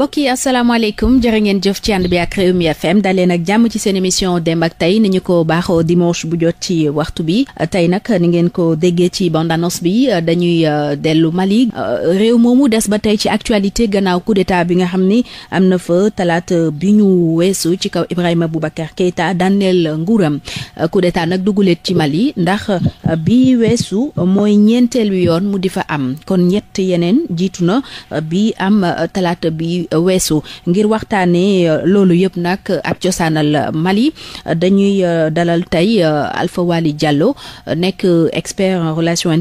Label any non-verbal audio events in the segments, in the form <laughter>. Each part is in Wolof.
mbokk yi asalaamaaleykum jërë ngeen jëf ci ànd bi ak Rewmi FM daleen ak jàmm ci seen émission démb ak tey ni ñu ko baaxoo dimanche bu jot ci waxtu bi tey nag ni ngeen ko déggee ci bande annonce bi dañuy euh, dellu Mali euh, réew moomu des ba tey ci actualité gannaaw coup bi nga xam ni am na fa talaata bi ñu weesu ci kaw Ibrahima Boubacar Keïta daaneel nguuram euh, coup d'état nag duguleet ci Mali ndax bi weesu mooy ñeenteelu yoon mu di fa am kon ñett yeneen jiitu na bi am talaata bi. weesu ngir waxtaanee euh, loolu yëpp nag euh, ak cosaanal Mali euh, dañuy dalal tey Alpha Wali Diallo nekk expert en relations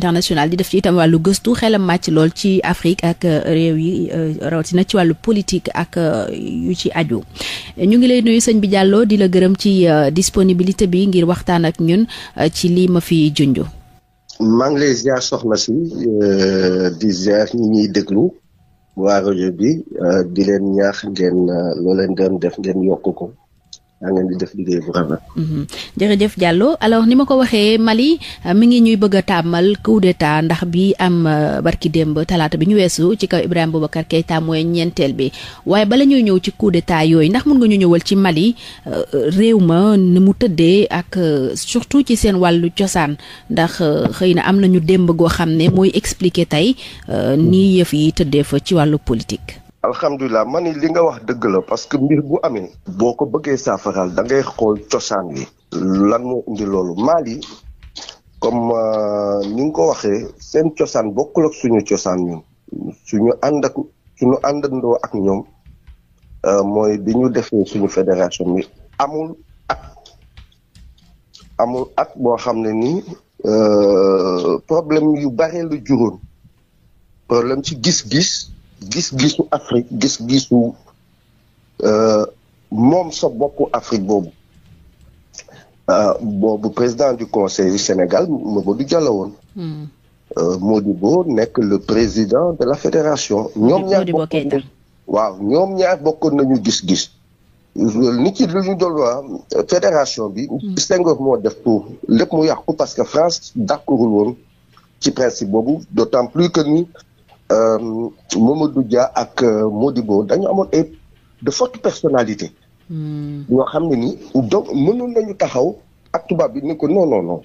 di def ci itam wàllu gëstu xelam màcc lool ci Afrique ak réew yi rawatina ci wàllu politique ak yu ci ajo ñu ngi lay nuyu sëñ bi jàlloo di la gërëm ci disponibilité bi ngir waxtaan ak ñun ci lii ma fi junj. maa ngi si ñuy déglu waa rajo bi euh, di leen ñaax ngeen euh, loo leen doon def ngeen yokk ko yaa ngeen di def mhm. jërëjëf Diallo alors ni ma ko waxee Mali euh, mi ngi ñuy bëgg a tàmmal coup ndax bi am euh, barki démb talaata bi ñu weesu ci kaw Ibrahima Boubacar Keïta mooy ñeenteel bi waaye bala ñuy ñëw ci coup yooyu ndax mun nga ñëwal ci Mali euh, réew ma ni mu tëddee ak surtout ci seen wàllu cosaan ndax xëy na am nañu démb goo xam ne mooy expliquer tey nii yëf yi tëddee fa ci wàllu politique. alhamdulilah man li nga wax dëgg la parce que mbir bu amee. boo ko bëggee saafaraal da ngay xool cosaan li lan moo indi loolu yi comme euh, ni nga ko waxee seen cosaan bokkul suñu cosaan ñun suñu ànd ak suñu àndandoo ak ñoom euh, mooy bi ñu defee suñu fédération bi amul at amul ak boo xam ne nii euh, problème yu bare lu juróon problème ci gis-gis. gis-gisu Afrique gis-gisu euh, moom sa bopp Afrique boobu euh, boobu président du conseil du Sénégal Mamadou Diallo woon. Hmm. Euh, Modibo nekk le président de la fédération. ñoom ñaar bokkoon waaw ñoom nañu gis-gis. nit ci lu ñu doon waa fédération bi. Hmm. Senghor moo def pour lépp mu yàqu parce que France d'accordul woon ci principe boobu d'autant plus que ni. Euh, Mamadou jaa ak euh, Modibo dañu amoon ay de forte personnalité. ñoo hmm. xam ne ni donc nañu taxaw ak tubaab bi ni ko non non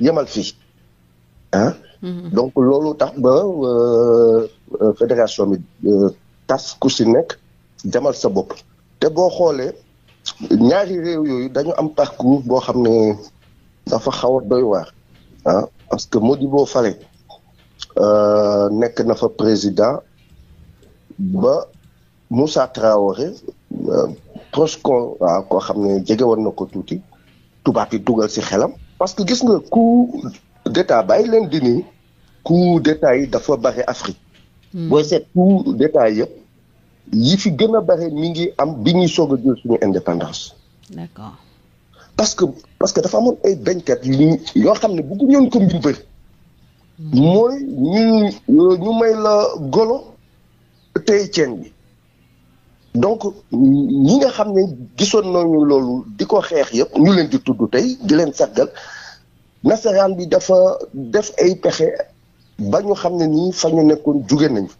yemal fii hmm. donc loolu tax ba euh, fédération bi tas ku si nekk jamal sa bopp. te boo xoolee ñaari réew yooyu dañu am parcours boo xam ne dafa xaw a doy waar parce que Modibo Fale Euh, nekk na fa président ba Moussa Traoré euh, proche ko koo xam ne jege woon na ko tuuti tubaab yi dugal ci xelam. parce que gis nga coup ba bàyyi leen dini nii coup yi dafa bare Afrique. Hmm. booy seet coup d'état yëpp yi fi gën a bare mi ngi am bi ñuy soog a jël suñu indépendance. d'accord parce que parce que dafa amoon ay bañkat yoo xam ne bëgguñu ko mbir bëri. mooy ñu ñu may la golo tey ceen bi donc ñi nga xam ne gisoon nañu loolu di ko xeex yëpp ñu leen di tudd tey di leen sargal nasaraan bi dafa def ay pexe ba ñu xam ne nii fa ñu nekkoon jóge nañu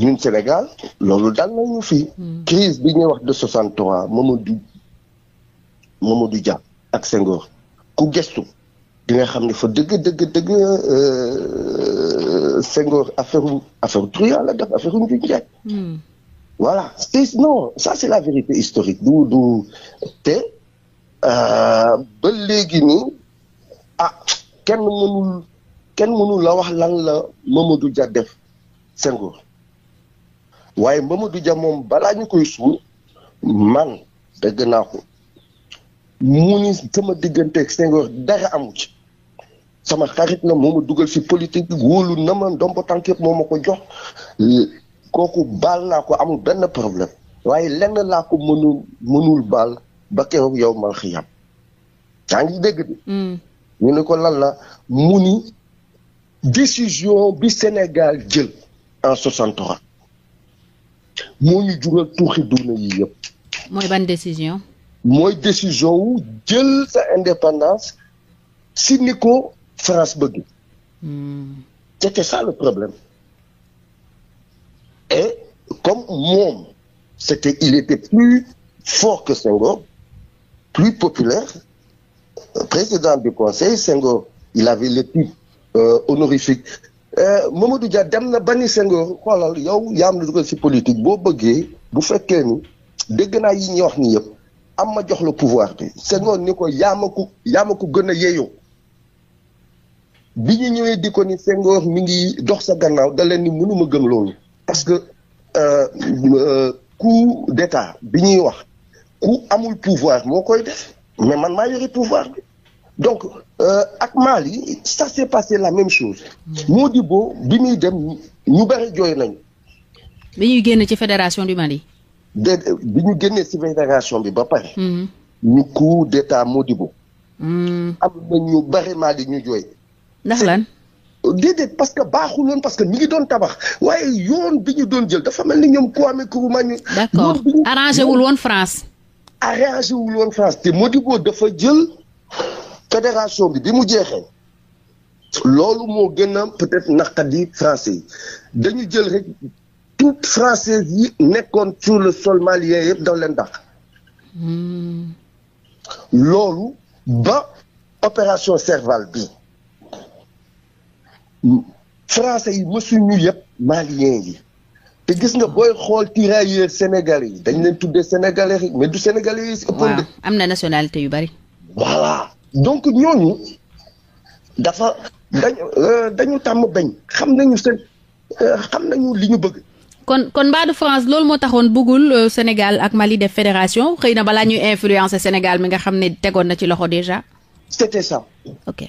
ñun Sénégal loolu dal nañu fii hmm. crise bi ñuy wax de moom Mamadou Mamadou Dia ak Senghor ku gestu di nga xam ne fo dëgg dëgg dëgg euh, Senghor affaire affaire truand la def affaire njuñ njaaj hmm. voilà c'est non ça c'est la vérité historique du du te euh, ba léegi nii ah kenn mënul kenn mënul la wax lan la Mamadou Dia def Senghor waaye Mamadou Dia moom balaa ñu koy suul man dëgg naa mu ni sama diggante ak Senghor dara amu sama xarit na moom ma dugal si politique wóolu na ma ndombo tànk moom moo ma ko jox kooku baal naa ko amul benn problème waaye lenn laa ko mënul mënul baal ba keroog yow mal xiyam yaa ngi dégg bi hmm. ñu ne ko lan la mu ni décision bi Sénégal jël en 63 moo ñu jural tuuxi duna yi yëpp. mooy ban décision. mooy décision wu jël sa indépendance si ni ko France bëgg. Hmm. c'était ça le problème. et comme moom c'était il était plus fort que Senghor plus populaire euh, président du conseil Senghor il avait le euh, honorifique euh, Mamadou Dia dem na ba ni Senghor xoolal yow yaa am boo bëggee bu fekkee ni dégg naa yi ñuy wax ni yëpp am ma jox la pouvoir bi Senghor ni ko yaa ma ko yaa ma ko gën a yeyoo bi ñu ñëwee di ko ni Senghor mu ngi dox sa gannaaw dalee leen ni mënuma gëm loolu parce que euh, euh, coup d'état bi ñuy wax ku amul pouvoir moo koy def mais man maa yore pouvoir bi donc euh, ak Mali ça s'est passé la même chose hmm. Modibo bi muy dem ñu bëri jooy nañu bi ñuy ci fédération du Mali bi ñu génnee ci fédération bi ba pare ñu hmm. coup d'état Modibo hmm. am na ñu bëri Mali ñu jooy ndax lan. parce que baaxuloon parce que ñi ngi doon tabax waaye yoon bi ñu doon jël dafa mel ni ñoom Kwame Nkrumah ñu. d'accord arrangé wul France. arrangé wul woon France te Modibo dafa jël fédération bi bi mu jeexee loolu moo gën a peut-être naqadi français yi dañu jël rek toute française yi nekkoon sur le sol malien yëpp daw leen dàq. Hmm. loolu ba opération Serval bi. français yi mësuñu yëpp malien yi te gis nga booy xool tirailleurs sénégal yi dañ leen tuddee sénégalais yi mais yi si ëppoon de am na nationalité yu bari voilà donc ñooñu dafa euh, dañu tàmm bañ xam nañu seen euh, xam nañu li ñu bëgg kon kon mbaa du France loolu moo taxoon bëggul euh, Sénégal ak Mali def fédération xëy na balaa ñuy influencer Sénégal mi nga xam ne tegoon na ci loxo déjà c'était ça ok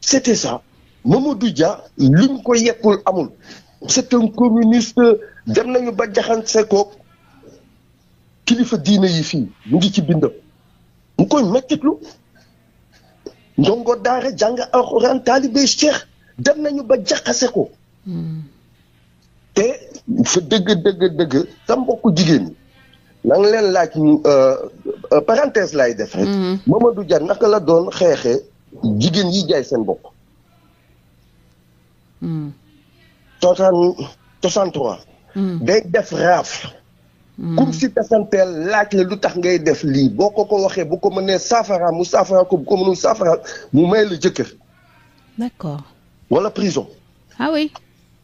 c'était ça Mamadou Dia luñ ko yekkul amul c'est un dem nañu ba jaxanse ko kilifa diine yi fii mu ngi ci bindam mu koy mettitlu ndongo daara jàng alxuraan taalibe cheikh dem nañu ba jaxase ko te fa dëgg dëgg dëgg sa mbokk jigéen ñi na leen laaj euh, euh, parenthèse laay def rek mm-hmm. Mamadou Dia naka la doon xeexee jigéen yi jaay seen mbokk soixante soixante trois day def raaf mm. kum si tasanteel laaj la lu tax ngay def lii boo ko ko waxee bu ko mënee saafara mu saafara ko bu ko mënul saafara mu may la jëkkër d'accord wala prison ah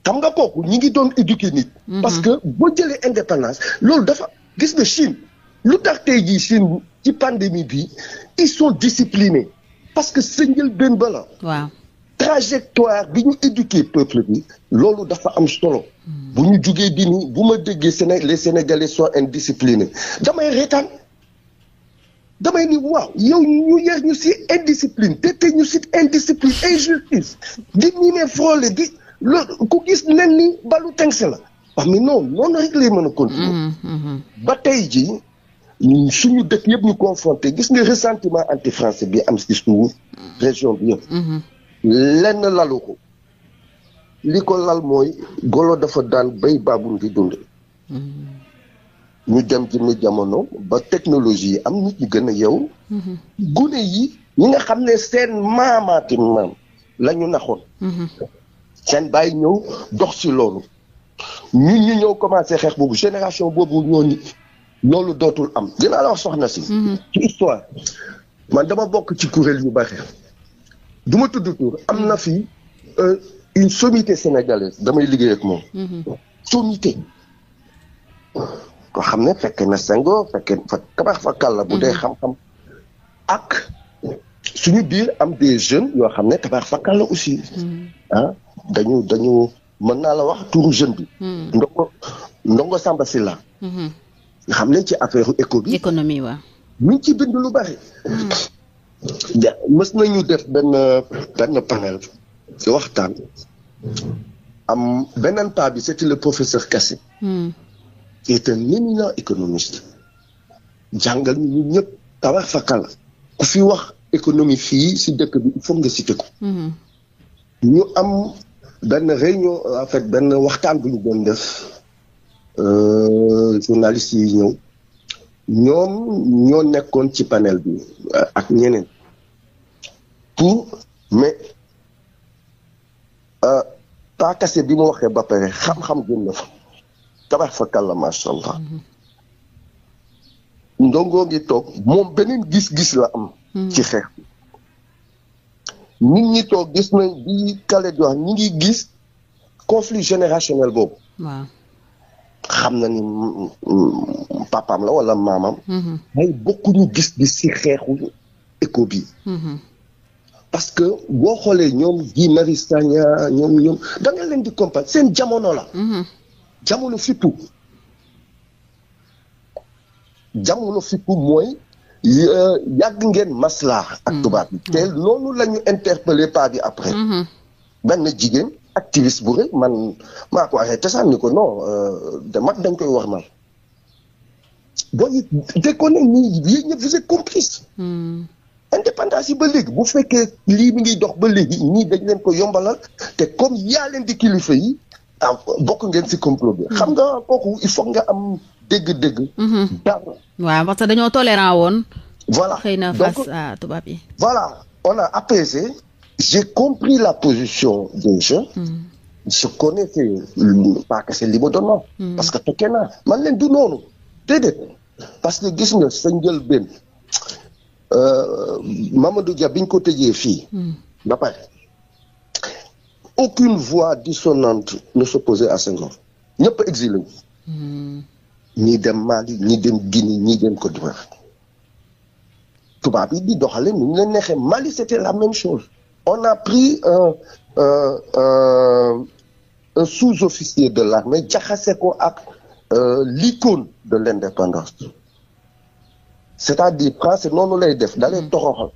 xam nga kooku ñu ngi doon éduquer nit mm-hmm. parce que boo jëlee indépendance loolu dafa gis nga Chine lu tax tey jii Chine ci pandémie bi ils sont disciplinés parce que sënjël benn ba trajectoire bi ñu éduquer peuple bi loolu dafa am solo bu ñu jugee di bu ma déggee Séné les Sénégalais sont indisciplinés damay reetaan damay ni waaw yow ñu yar ñu si indiscipline te te ñu si indiscipline injustice di ñu ne frôlé di loolu ku gis nen ni balu tengse la wax ah, mi non noonu rek lay mën a continuer mm-hmm, mm-hmm. ba tey ji suñu dëkk yëpp ñu confronté gis nga ressentiment anti français bi am si suñu mm-hmm. région bi yëpp lenn lalu ko li ko lal mooy golo dafa daan bay baabur di dund ñu dem ci jamono ba technologie yi am nit ñi gën a yeewu gune yi ñi nga xam ne seen maamaati maam la ñu naxoon seen bàyyi ñëw dox si loolu ñu ñëw commencé xeex boobu génération boobu ñooñu loolu dootul am dinaa la wax soxna si mhm. ci histoire man dama bokk ci kuréel yu bari du ma tudd tur am na fi euh, une sommité sénégalaise damay liggéey moom. Mhm. sommité. koo xam ne fekk na Senghor fekk fa kabax fa kàlla bu dee mhm. xam-xam. ak suñu biir am des jeunes yoo xam ne tabax fa kàlla aussi. Mhm. Ah, dañu dañu mën naa la wax turu jeune bi. ndongo ndongo Samba xam ne ci affaire éco économie waaw. mës nañu def benn benn panel ci waxtaan am beneen paa bi c'était le professeur Kassé hmm. qui est un éminent jàngal ñu ñëpp tabax fakal ku fi wax économie fii si dëkk bi il faut nga cité ko hmm. ñu am benn réunion en benn waxtaan bu ñu doon def euh, journaliste yi ñëw ñoom ñoo nekkoon ci panel bi ak ñeneen pour mais euh, paakase bi mu waxee ba pare xam-xam génn fa tabax fa kàlla macha allah ndongo ngi toog moom beneen gis-gis la am. Hmm. ci xeex bi nit toog gis nañ bi kale di wax ngi gis conflit générationnel boobu. waaw. xam na ni papaam la wala maamam. Mm-hmm. may bokkuñu gis-gis ci xeexu éco bi. Mm-hmm. parce que boo xoolee ñoom Guy Marius Sagna ñoom ñoom da leen di comprendre seen jamono la. Mm-hmm. jamono fippu. jamono fippu mooy euh, yàgg ngeen masla ak tubaab bi te loolu la ñu interpellé pas bi après. jigéen. activiste bu rëy man maa ko waxee tesaan ni ko non euh, de mag dañ koy war mal boo yi déconné nii yéen ñëpp vous êtes complice hmm. indépendance yi ba léegi bu fekkee lii mi ngi dox ba léegi ñii dañ leen ko yombalal te comme yaa leen di kilifa yi a ah, bokk ngeen si complot bi. xam nga kooku il faut nga am dégg-dégg. Hmm. dara waaw dañoo tolérant woon. voilà xëy na face tubaab yi. voilà on a apaisé. J'ai compris la position des gens. Mm. je connais pas kese li ma doon parce que fekkee naa man leen du noonu déedéet parce que gis nga sa njëlbéen euh, Mamadou Dia biñ ko tëjee fii. Mm. ba pare aucune voix dissonante ne s'opposait à Senghor ñëpp exilé wu. Mm. ñii dem Mali ñii dem Guinée ñii dem Côte d'Ivoire tubaab di doxale nu ñu Mali c'était la même chose. on a pris un euh, euh, sous-officier de l'armée jaxase ko ak euh, l'icône de l'indépendance c'est-à-dire français noonu lay def da toroxal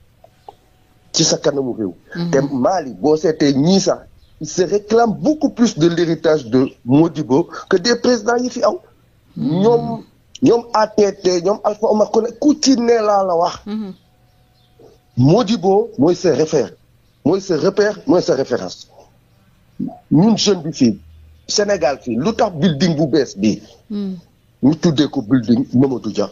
ci sa kanamu réew. Mm-hmm. te Mali boo seetee ñii sax se réclame beaucoup plus de l'héritage de Modibo que des présidents yi fi aw. Mm-hmm. ñoom ñoom ATT Alpha Oumar Koné ku la wax. Mm-hmm. Modibo mooy se réfère. mooy sa repère mooy se référence ñun jeune bi fii Sénégal fii lu tax building bu bees bi hmm. ñu tuddee ko building Mamadou Dia.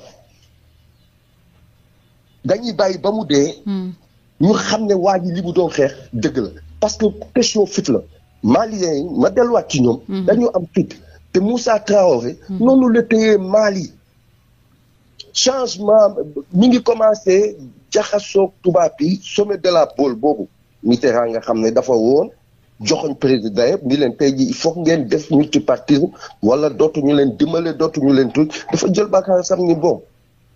dañuy bàyyi ba mu dee. Hmm. ñu xam ne waa ji li mu doon xeex dëgg la parce que question fit la maliens yi ma delluwaat ci ñoom. Hmm. dañoo am fit te Moussa Traoré. noonu la téye changement mi ngi commencé jaxasoo tubaab yi sommet de la boole boobu. Mitterrand nga xam ne dafa woon joxoñ président yëpp ni leen tey ji il ngeen def multipartisme wala dootuñu leen dimbale dootuñu ñu leen tuuti dafa jël baakaar sam ni bon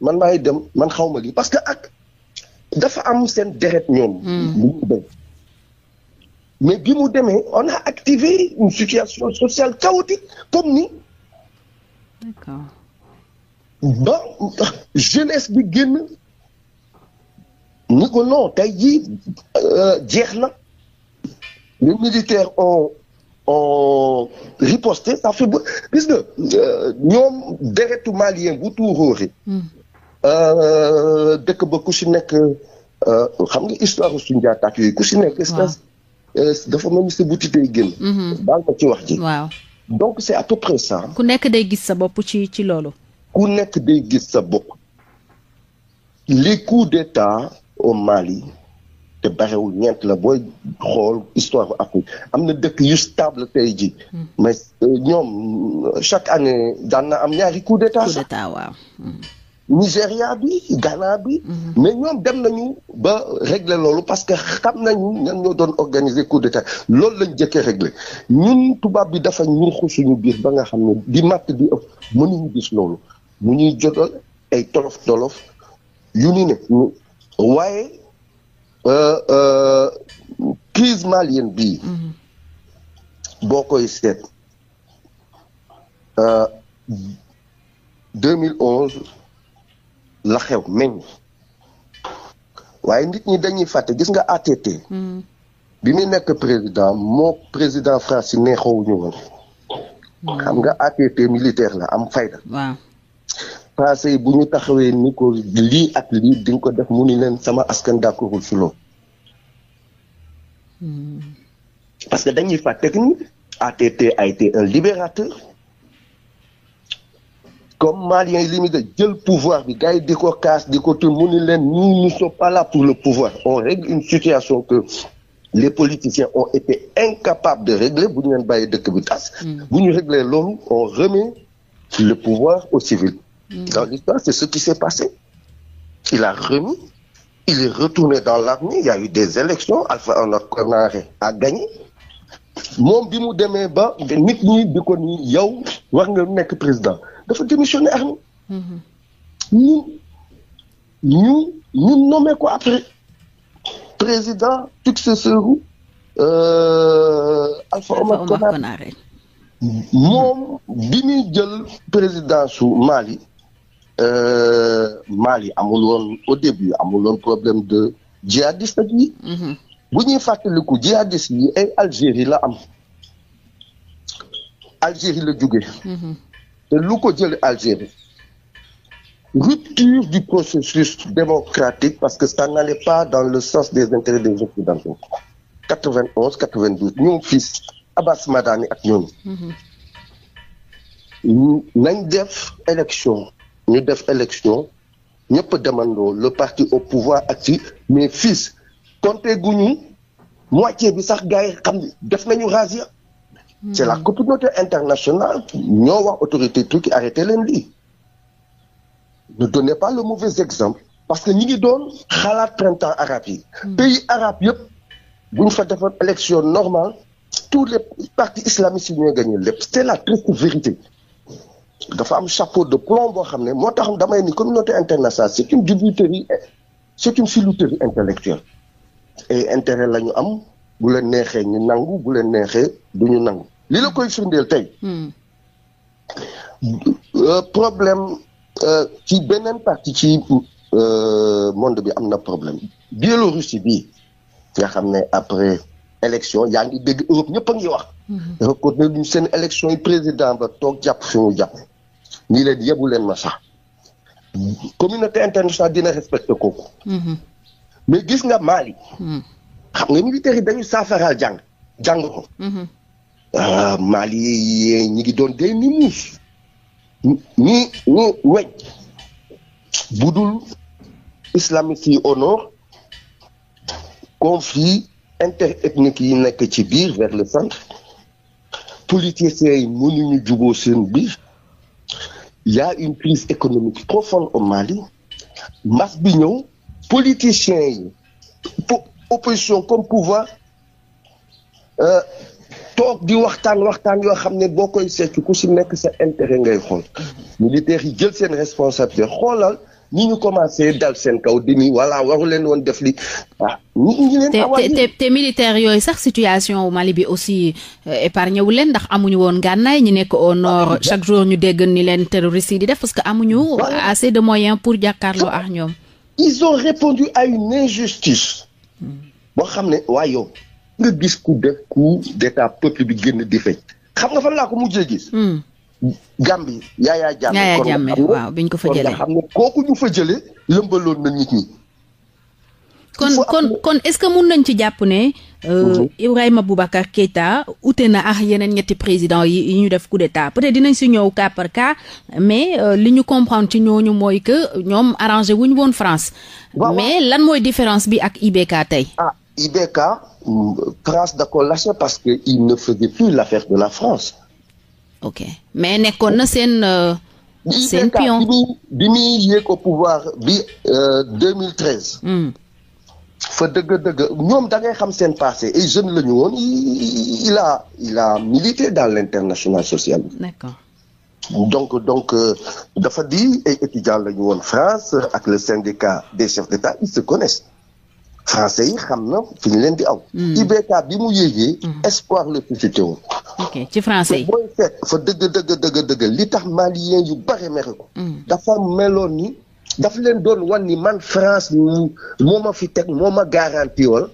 man maay dem man xaw ma lii parce que ak dafa am seen deret ñoom. Hmm. mais bi mu demee on a activé une situation sociale chaotique comme ni. ba jeunesse bi génn. ni ko non tey jii euh, jeex na les militaires ont ont riposté ça fait nga euh, ñoom deretu malien bu tuuróore hmm. euh, dëkk ba ku si nekk xam nga histoire suñu jaataat yooyu ku si nekk dafa mel ni sa butite génn daal hmm. ma ci wax ji donc c'est à peu près ça ku nekk day gis sa bopp ci ci loolu ku nekk day gis sa bopp les coups d'état au Mali te barewul ñeent la booy xool histoire bu Afrique am na dëkk yu stable tey ji hmm. mais euh, ñoom chaque année daan na am ñaari coup d'état coup d'état waaw hmm. Nigéria bi Ghana bi hmm. mais ñoom dem nañu ba régler loolu parce que xam nañu ñan ñoo doon organiser coup d'état loolu lañ jëkkee régler ñun tubaab bi dafa ñurxu suñu biir ba nga xam ne di matt di ëpp mënuñu gis loolu mu ñuy jotal ay tolof tolof yu ni ne waaye euh, euh, crise malienne bii mhm. boo koy seet euh, deux mille la xew meññ waaye nit ñi dañuy fàtte gis nga ATT mhm. bi muy nekk président moo président France yi neexoowuñu woon mhm. xam nga ATT militaire la am fayda passé bu ñu taxawee ni ko lii ak lii di nga ko def mu ni leen sama askan d'accordul si hmm. parce que dañuy fàtte que ni ATT a été un libérateur comme Malien yi li mu jël pouvoir bi gars di ko kaas di ko tur mu ni leen nous ne sommes pas là pour le pouvoir on règle une situation que les politiciens ont été incapables de régler bu ñu leen bàyyi dëkk bi tas hmm. bu ñu régler loolu on remet le pouvoir aux civils Mmh. Dans l'histoire, c'est ce qui s'est passé. Il a remis, il est retourné dans l'armée, il y a eu des élections, Alpha Condé a gagné. moom bi mu demee ba nit ni yow war nga nekk président dafa démissionné armée mm-hmm. ñu ñu nommé ko après président successeur u euh, Alpha Omar Konaré moom bi muy président su Mali Euh, Mali amul woon au début amul woon problème de djihadiste ak yi mhm. bu ñuy fàttaliku djihadiste yi ay Algérie la am Algérie la jóge mhm. te lu ko jële Algérie rupture du processus démocratique parce que ça n'allait pas dans le sens des intérêts des occidentaux 91 92 ñoom fils Abbas Madani ak ñoom mhm. nañ élection ñu def élection ñëpp demandoo le parti au pouvoir ak ci mais fils compté guñu moitié bi sax gars yi xam def nañu razzia hmm. c'est la communauté internationale ñoo wax autorité turque arrêté le lii ne donnez pas le mauvais exemple parce que ñu ngi doon xalaat printemps arabe yi hmm. pays arabe yëpp bu ñu fa defoon élection normale tous les partis islamistes yi ñooy gagné lépp c'est la triste vérité dafa am chapeau de plomb boo xam ne moo tax damay ni communauté internationale c'est une dibuterie c'est une filouterie intellectuelle et intérêt la am bu leen neexee ñu nangu bu leen neexee du ñu nangu li la koy firndeel tey hmm. euh, problème euh, ci beneen partie ci euh, monde bi am na problème Biélorussie bi nga xam ne après élection yaa ngi dégg Europe ñëpp a ngi wax reconnaître hmm. duñ seen élection yi président ba toog jàpp fi mu jàpp ñi leen yebu leen ma sax communauté internationale dina respecté kooku. Mhm. mais gis nga Mali. Mhm. xam nga militaire yi dañu saafaraal jàng jàng ko. Mhm. Ah, Mali yi ñi ngi doon day mi muus. ñi ñi weñ. budul islamiste yi au nord conflit yi nekk ci biir vers le centre politiciens yi mënuñu juboo seen biir. y une crise économique profonde au Mali mbas bi ñëw politiciens yi opposition comme pouvoir euh, toog di waxtaan waxtaan yoo xam ne boo koy seetlu ku si nekk sa intérêt ngay xool militaires yi jël seen responsabilité xoolal ni ñu commencé dal seen kaw dini voilà waru leen woon def li ah te te militaires yooyu sax situation Mali bi aussi euh, épargné wu leen ndax amuñu woon gànnaay ñi nekk au nord chaque jour ñu dégg ni leen terroristes yi di def parce que amuñu assez de moyens pour jàkkaarloo ak ñoom ils ont répondu à une injustice boo xam ne waa yow nga gis ku def coup d'état peuple bi génn di fecc xam nga fan laa ko mujjee gis hmm. Gambie Yaya Jammeh. Yaya waaw bi ñu ko fa jëlee xam nga kooku ñu fa jëlee lëmbaloon na nit ñi. kon kon kon est-ce que mun nañ ci jàpp ne. Euh, mhm. Ibrahima Boubacar Keita ute na ak yeneen ñetti président yi yi ñu def coup d'état peut-être dinañ si ñëw cas par cas mais euh, li ñu comprendre ci ñooñu mooy que ñoom arrangé wu ñu woon France. Bah, mais lan mooy différence bi ak IBK tey. ah IBK mm, France da ko parce que il ne faisait plus l'affaire de la France. ok mais nekkoon na seen. Euh, seen pion bi muy yéeg au pouvoir bi 2013. Euh, hmm. fa dëgg-dëgg ñoom da ngay xam seen passé et jeune la ñu woon il a il a milité dans l'international social. donc donc euh, dafa di ay la ñu woon France ak le syndicat des chefs d'État ils se connaissent. français yi xam na fi ñu leen di aw. IBK hmm. bi mu yéegee. Hmm. espoir la suscité woon. ci français yi booy seet fa dëgg dëgg dëgg dëgg li tax malien yu bare mere ko. Hmm. dafa meloon ni daf leen doon wan ni man France moo ma fi teg moo ma garanti woon.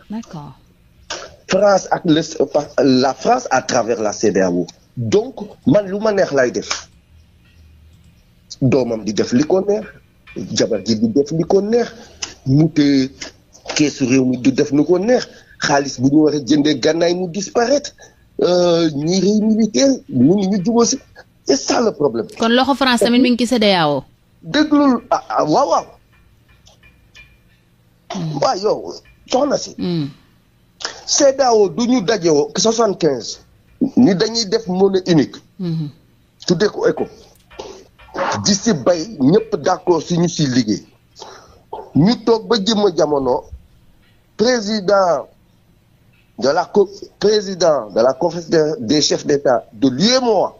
France ak le la France à travers la CEDEAO donc man lu ma neex lay def doomam di def li ko neex jabar ji di def li ko neex mu te keesu réew mi du def nu ko neex xaalis bu ñu war a jëndee gànnaay mu disparaître euh, ñi réew militaire ñu ngi ñu jubóo si c'est ça le problème. kon loxo France tamit mi ngi gis CEDEAO. déglul ah, ah waaw waaw. Hmm. waaw hmm. du ñu dajewoo ni dañuy def monnaie unique. Hmm. tuddee ko ECO. di si bay ñëpp d'accord si ñu si liggéey. ñu toog ba jëmm jamono. président de la président de la conférence des chefs d'État de l'UEMOA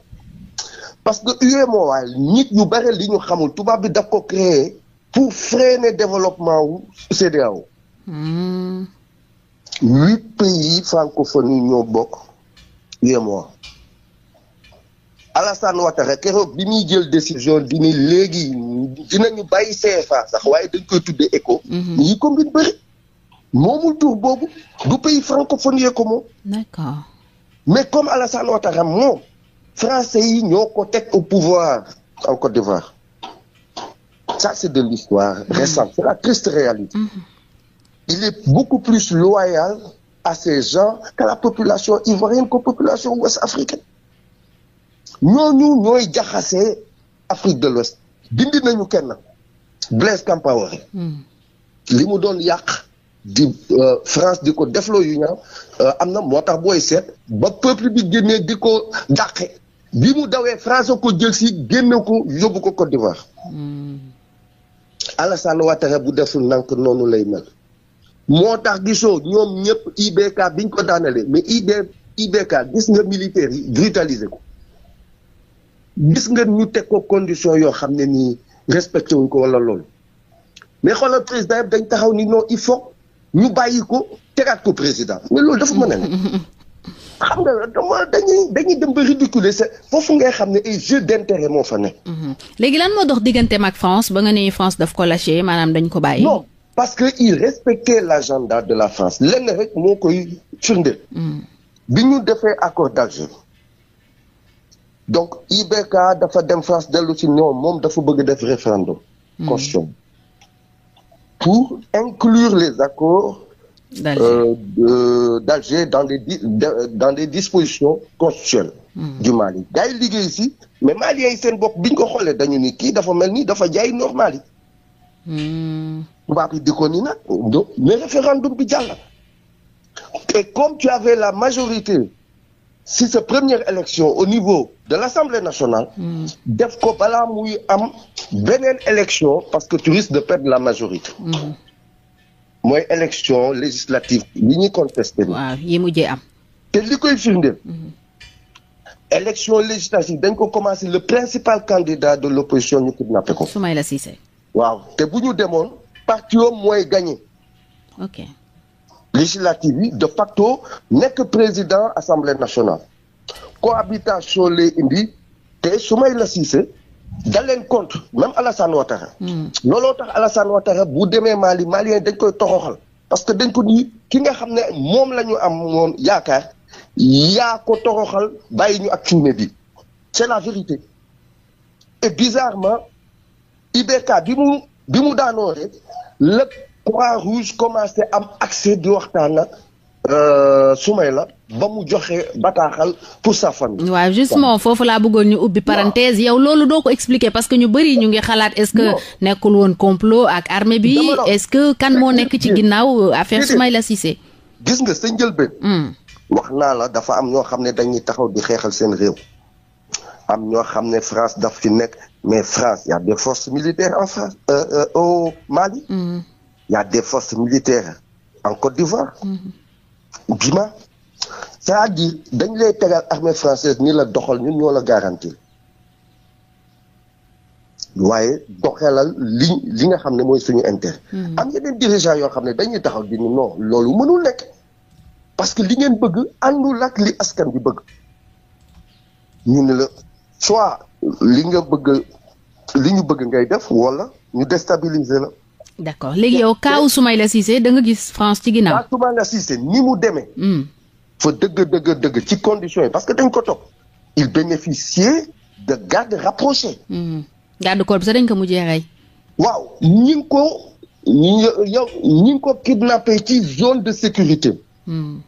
parce que UEMOA nit ñu bëri li ñu xamul tubaab bi daf ko créer pour freiner développement wu CEDEAO hmm. huit pays francophones yi ñoo bokk UEMOA Alassane Ouattara keroog bi muy jël décision di ni léegi dinañu bàyyi CFA sax waaye dañ koy tuddee ECO. Hmm. ñi combine bëri moomul tur boobu du pays francophone yee mais comme Alassane Ouattara moom français yi ñoo ko teg au pouvoir en Côte d'Ivoire c'est de l'histoire mm-hmm. récente c'est la triste réalité mm-hmm. il est beaucoup plus loyal à ces gens qu'à la population ivoirienne qu'aux populations ouest-africaines ñooñu ñooy jaxasee Afrique de l'Ouest dindi nañu kenn Blaise Compaoré mm. li doon yàq di euh, France di ko defloo yu ñaaw euh, am na moo tax booy seet ba peuple bi génnee di ko dàqe bi mu dawee France ko jël si génne ko yóbbu ko Côte d'Ivoire hmm. Alassane Ouattara bu deful nank noonu lay mel moo tax gisoo ñoom ñëpp IBK biñ ko daanalee mais IB IBK gis nga militaires yi brutaliser ko gis nga ñu teg ko condition yoo xam ne nii respecté wuñ ko wala loolu mais xoolal président yëpp dañ taxaw ni non il faut ñu bàyyi ko tegaat ko président mais loolu dafa mën a nekk <laughs> xam nga dama dañuy dañuy dem ba ridiculer sa foofu ngay xam ne ay jeu d'intérêt moo fa nekk. Mhm. léegi lan moo dox digganteem ak France ba nga ne France daf ko lâché maanaam dañ ko bàyyi. non parce que il respectait l'agenda de la France lenn rek moo koy firndeel. Mhm. bi ñu defee accord d'Alger donc IBK dafa dem France dellu ci ñoom moom dafa bëgg def référendum. constitution. Mhm. pour inclure les accords d'Alger euh, dans les dispositions constitutionnelles mmh. du Mali gars yi liggéey si mais maliens yi seen bopp bi ñu ko xoolee dañu ni kii dafa mel ni dafa jaay normal yi hmm. tubaab yi di ko ni nag mais référendum bi jàll te comme tu avais la majorité si sa première élection au niveau de l'Assemblée nationale mm. def ko balaa muy am beneen élection parce que tu risques de perdre la majorité hmm. mooy élection législative li ñuy contesté ni waaw yi am te li koy firndeel hmm. élection législative dañ ko commencé le principal candidat de l'opposition ñu kidnappé ko Soumaïla Cissé waaw te bu ñu demoon parti am mooy gagné législative yi de facto nekk président assemblée nationale cohabitation lay indi te su Soumaïla Cissé dal leen compte même Alassane Ouattara hmm. looloo tax Alassane Ouattara bu demee Mali Malien dañ koy toxoxal parce que dañ ko nii ki nga xam ne moom la ñu am moom yaakaar yaa ko toroxal bàyyi ñu ak cuune bi c'est la vérité et bizarrement IBK bi mu bi mu daanoo rek Croix-Rouge commencé am accès di waxtaan ak euh, la ba mu joxe bataaxal pour sa waa waaw justement foofu laa bëggoon ñu ubbi parenthèse yow loolu doo ko expliquer parce que ñu bëri ñu ngi xalaat est-ce que nekkul woon complot ak armée bi est-ce que kan moo nekk ci ginnaaw euh, affaire la siise gis nga sa njëlbeen. Hmm. wax la dafa am ñoo xam ne dañuy taxaw di xeexal seen réew. am ñoo xam ne France daf fi nekk mais France y a des militaire militaires en France euh, au Il y a des forces militaires en Côte d'Ivoire. Bima. Mm-hmm. cest dire dañ lay tegal armée française ni la doxal ñun ñoo la garantir waaye doxalal li li nga xam ne mooy suñu intérêt. Mm-hmm. am yeneen dirigeants yoo xam ne dañuy taxaw di ni non loolu mënul nekk parce que li ngeen bëgg àndul ak li askan bi bëgg ñu ne la soit li nga bëgg li ñu bëgg ngay def wala ñu déstabiliser la. d'accord léegi yow cas Soumaïla Cissé da nga gis France ci ginnaaw. cas Soumaïla Cissé ni mu demee. Hmm. fa dëgg dëgg dëgg ci condition yi parce que dañ ko topp. il bénéficiait de garde rapprochée. Hmm. garde corps bi dañ ko mujjee rey. waaw ñi ko yow ko kidnappé ci zone de sécurité. Hmm.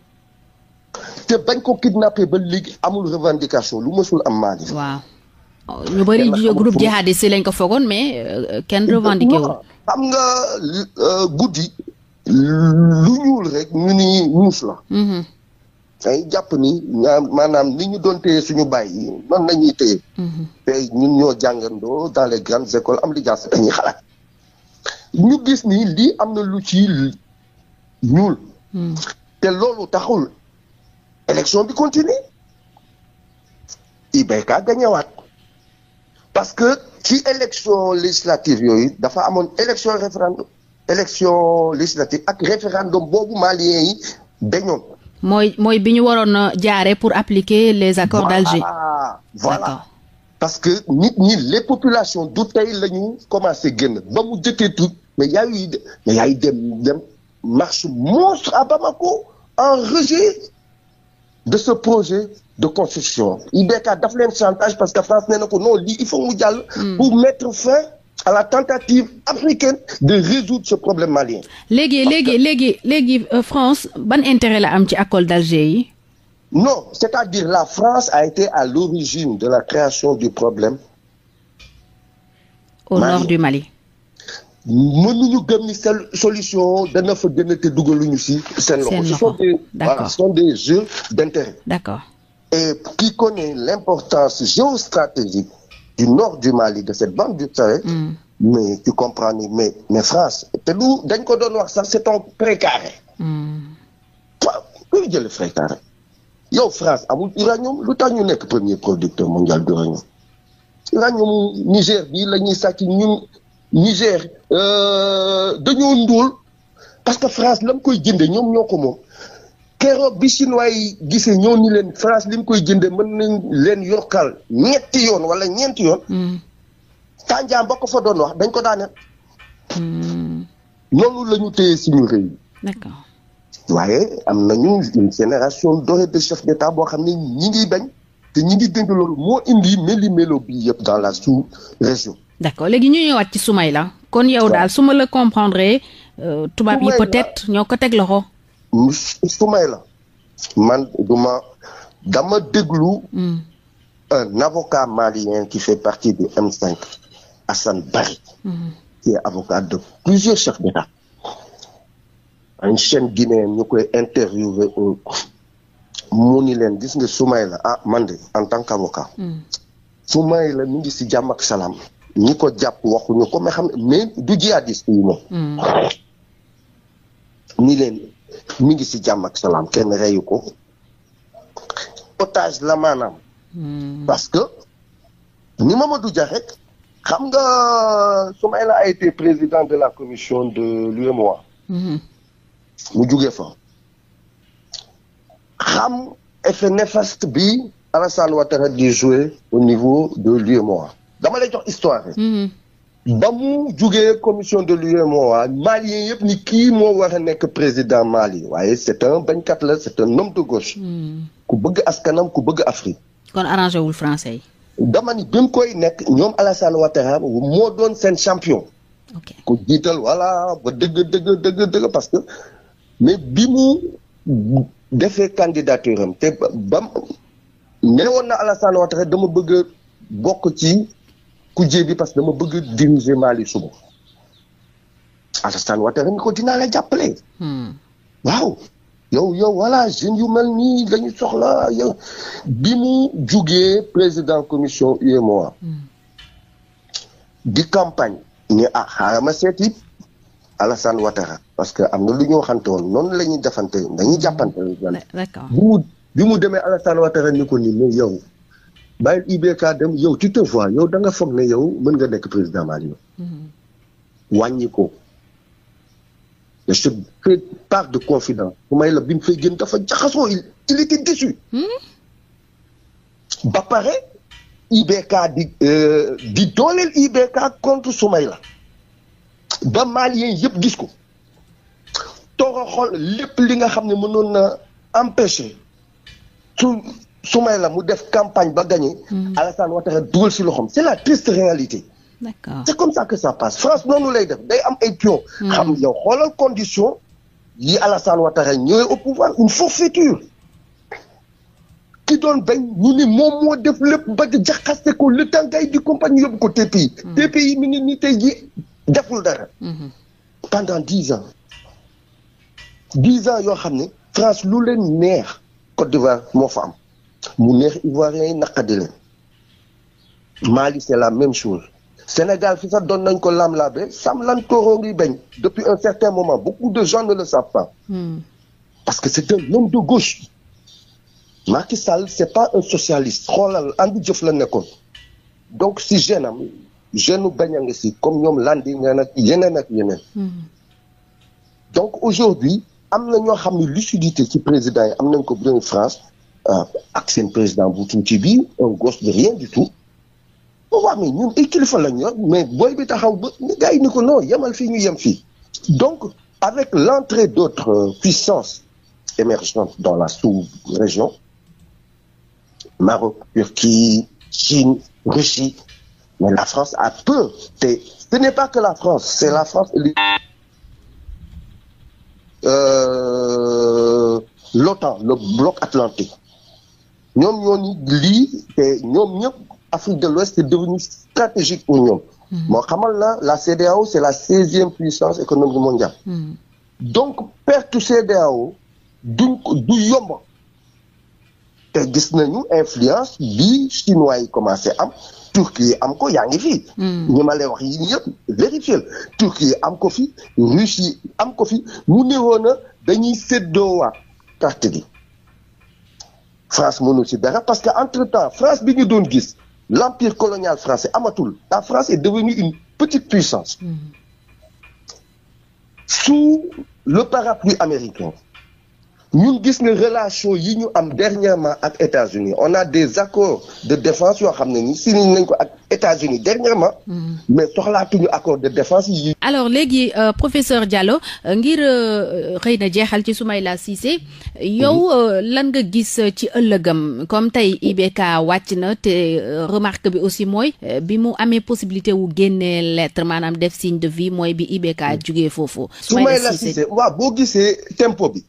te bañ ko kidnappé ba léegi amul revendication lu mësul am Mali. waaw ñu bëri groupe jihadiste lañ ko foogoon mais euh, kenn revendiqué wul. xam nga euh, guddi lu ñuul rek ñu ni muus la. dañuy mm-hmm. jàpp ni maanaam li ñu doon téye suñu bàyyi noonu la ñuy mm-hmm. te ñun ñoo jàngandoo dans les grandes écoles am li jaas xalaat. ñu gis ni lii am na lu ci ñuul. Mm-hmm. te loolu taxul élection i continuer. Ibeka gañewaat. parce que ci élection législative yooyu dafa amoon élection référendum élection législative ak référendum boobu maliens yi dañoon mooy mooy bi ñu waroon jaare pour appliquer les accords d'Alger voilà parce que nit ñi les populations du tey la ñu commencé génn ba mu jëkkee tuut mais yaayu mais yaayu dem dem marche monstre à Bamako en rejet de ce projet de construction IBK daf leen chantage parce que France nee na ko non lii il faut mu jàll hmm. pour mettre fin à la tentative africaine de résoudre ce problème malien léegi léegi léegi léegi euh, France ban intérêt la am ci accord yi non c'est-à-dire la France a été à l'origine de la création du problème au Mali. nord du Mali mënuñu gëm ni seen solution dana fa gën a si seen loxo ce sont des voilà, d'intérêt et qui connaît l'importance géostratégique du nord du Mali de cette bande du Sahel mm. mais tu comprends ni mais France te lu dañ ko doon wax sax c'est un précaré waaw mm. kuy jël précaré France amul uranium lu tax ñu nekk premier producteur mondial d'uranium uranium Niger bii la ñuy sàcc ñun Niger euh, dañoo ndóol parce que France la mu koy jënde ñoom ñoo ko moom keroog bi chinois yi gisee ñoo ni leen France li mu koy jënde mën nañ leen yokkal ñetti yoon wala ñeenti yoon tànjaam mm. boo ko fa doon wax dañ ko daaneel noonu mm. la téye suñu réew yi waaye am nañu une génération dorée de chef d'état boo xam ne ñi ngi bañ te ñi ngi dégg loolu moo indi meli melo bi yëpp dans la sous-région d'accord léegi ñu ñëwaat ci la kon yow daal su ma la comprendre euh, tubaab yi peut ñoo ko teg loxo Soumaïla man duma dama déglu mm. un avocat malien qui fait partie du M5 Hassan Bari mm. avocat de plusieurs chefs d'État une chaîne guinéenne ñu koy interviewé mu ni leen gis nga Soumaïla ah man en tant qu'avocat mm. Soumaïla mi ngi si jàmm salaam ñi ko jàpp waxuñu ko mais xam mais du jihadiste yi moom ni leen mi ngi si jàmm ak salaam kenn reyu ko la maanaam. Hmm. parce que ni Mamadou Dia rek xam nga Soumaïla a été président de la commission de l'UEMOA. Hmm. mu jugee fa. xam effet néfaste bi Alassane Ouattara di jouer au niveau de l'UEMOA dama lay histoire ba mu jugee commission de l'UEMOA Malien yëpp ni kii moo war a nekk président Mali waaye c'est un bañkat la c'est un homme de gauche. Hmm. ku bëgg askanam ku bëgg Afrique. kon arrangé wul français yi. dama ni bi mu koy nekk ñoom Alassane Ouattara moo doon seen champion. ok ku jiital voilà ba dëgg dëgg dëgg dëgg parce que mais bi mu defee candidature am te ba mu newoon na Alassane Ouattara dama bëgg bokk ci. kujje bi parce que dama bëgg diriger Mali suba Alassane Ouattara ni ko dinaa la jàppale. Hmm. waaw yow yow voilà jeunes yu mel nii dañu soxla yow bi mu jugee président commission UEMOA. Hmm. di campagne ñu ah xaaral ma seeti Alassane Ouattara parce que am na lu ñu waxante woon noonu la ñuy defante dañuy jàppante. Hmm. bi mu demee Alassane Ouattara ni ko ni mais yow. bàyyil IBK dem yow tu yow da nga foog ne yow mën nga nekk président Mali mm-hmm. wàññi ko mais je te part de confident bu may la bi mu fay génn dafa jaxasoo il était déçu. Mm-hmm. ba pare IBK euh, di dooleel IBK contre Soumaïla ba Maliens yëpp gis ko toog a xool lépp li nga xam ne mënoon na empêcher la mu def campagne ba gagné. Mm. Alassane Ouattara dugal si loxoom c' la triste réalité. d' accord c' est comme ça que ça passe France noonu lay def day am ay pion. Mm. xam yow xoolal condition yi Alassane Ouattara ñëwee au pouvoir une forfaiture. ki doon bañ ñu ni moom moo def lépp ba jaxase ko le tàngaay di compagnie yóbbu ko TPI. Mm. TPI mi ngi nii tey jii deful dara. Mm-hmm. pendant dix ans dix ans yoo xam ne France lu leen neex Côte d'Ivoire moo fa am. mu neex ivoirien yi naqadi leen c'est la même chose Sénégal fi sax doon nañ ko lam-labe sam lan tooroo ngi bañ depuis un certain moment beaucoup de gens ne le savent pas mm. parce que c'est un homme de gauche Macky c'est pas un socialiste xoolal andi jëf la nekkoon donc si jeune am jeune bañ a ngi comme ñoom landi nee nag yeneen hmm. donc aujourd'hui am na ñoo xam ne lucidité ci président yi am nañ ko bu France Euh, ak seen président bu tuuti bi un gosse de rien du tout waaw mais ñun ay kilifa la yor mais booy bi taxaw ba gars yi ni ko non yemal fii ñu yem fii donc avec l'entrée d'autres euh, puissances émergentes dans la sous-région Maroc Turquie Chine Russie mais la France a peur te ce n'est pas que la France c'est la France e euh, l'OTAN le bloc atlantique ñoom ñoo ni lii te ñoom ñëpp Afrique de l'Ouest est devenue stratégique pour ñoom. Hmm. moo xamal la la CEDEAO c'est la seizième puissance économique mondiale. Mm. donc perte CEDEAO duñ du yomb. te gis nañu influence bi chinois yi commencé am Turquie yi am ko yaa ngi fi. ñi hmm. wax yi yëpp vérifié Turquie yi am ko fi Russie am ko fi mu néewoon dañuy séddoowaat carte France mënul ci dara parce que entre France bi l'empire colonial français amatul la France est devenue une petite puissance. Mm-hmm. sous le parapluie américain. ñun gis nga relation yi ñu am dernièrement ak États-Unis on a des accords de défense yoo xam ne ni nañ ko ak États-Unis dernièrement mm-hmm. mais soxlaatuñu accord de défense yi. alors léegi euh, professeur Diallo euh, ngir euh, xëy na jeexal ci Soumaïla Cissé yow mm-hmm. euh, lan nga gis ci ëllëgam comme tey IBK wàcc na te remarque bi aussi mooy bi mu amee possibilité wu génne lettre maanaam def signe de vie mooy bi IBK mm-hmm. jugee foofu. Soumaïla Cissé waaw boo gisee tempo bi.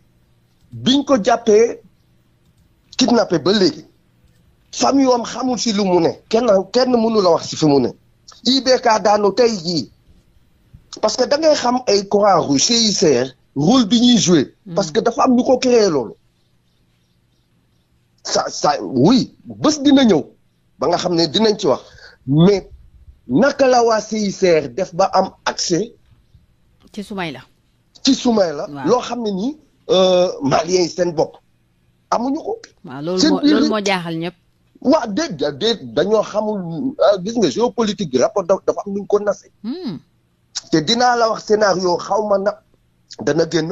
biñ ko jàppee kidnappé ba léegi famille xamul si lu mu ne kenn kenn mënula wax si fi mu ne IBK daanu tey jii parce que da ngay xam ay croix rouge CICR rôle bi ñuy joué hmm. parce que dafa am ñu ko créé loolu ça ça oui bés dina ñëw ba nga xam ne dinañ ci wax mais naka la waa CICR def ba am accès ci Soumaïla ci Soumaïla loo xam ne nii Euh, maliens yi seen bopp amuñu ko. loolu moo jaaxal ñëpp. waaw déet dañoo xamul ah, gis nga géopolitique bi rapport dafa am nuñ ko nase hmm. te dinaa la wax scénario xaw ma na dana génn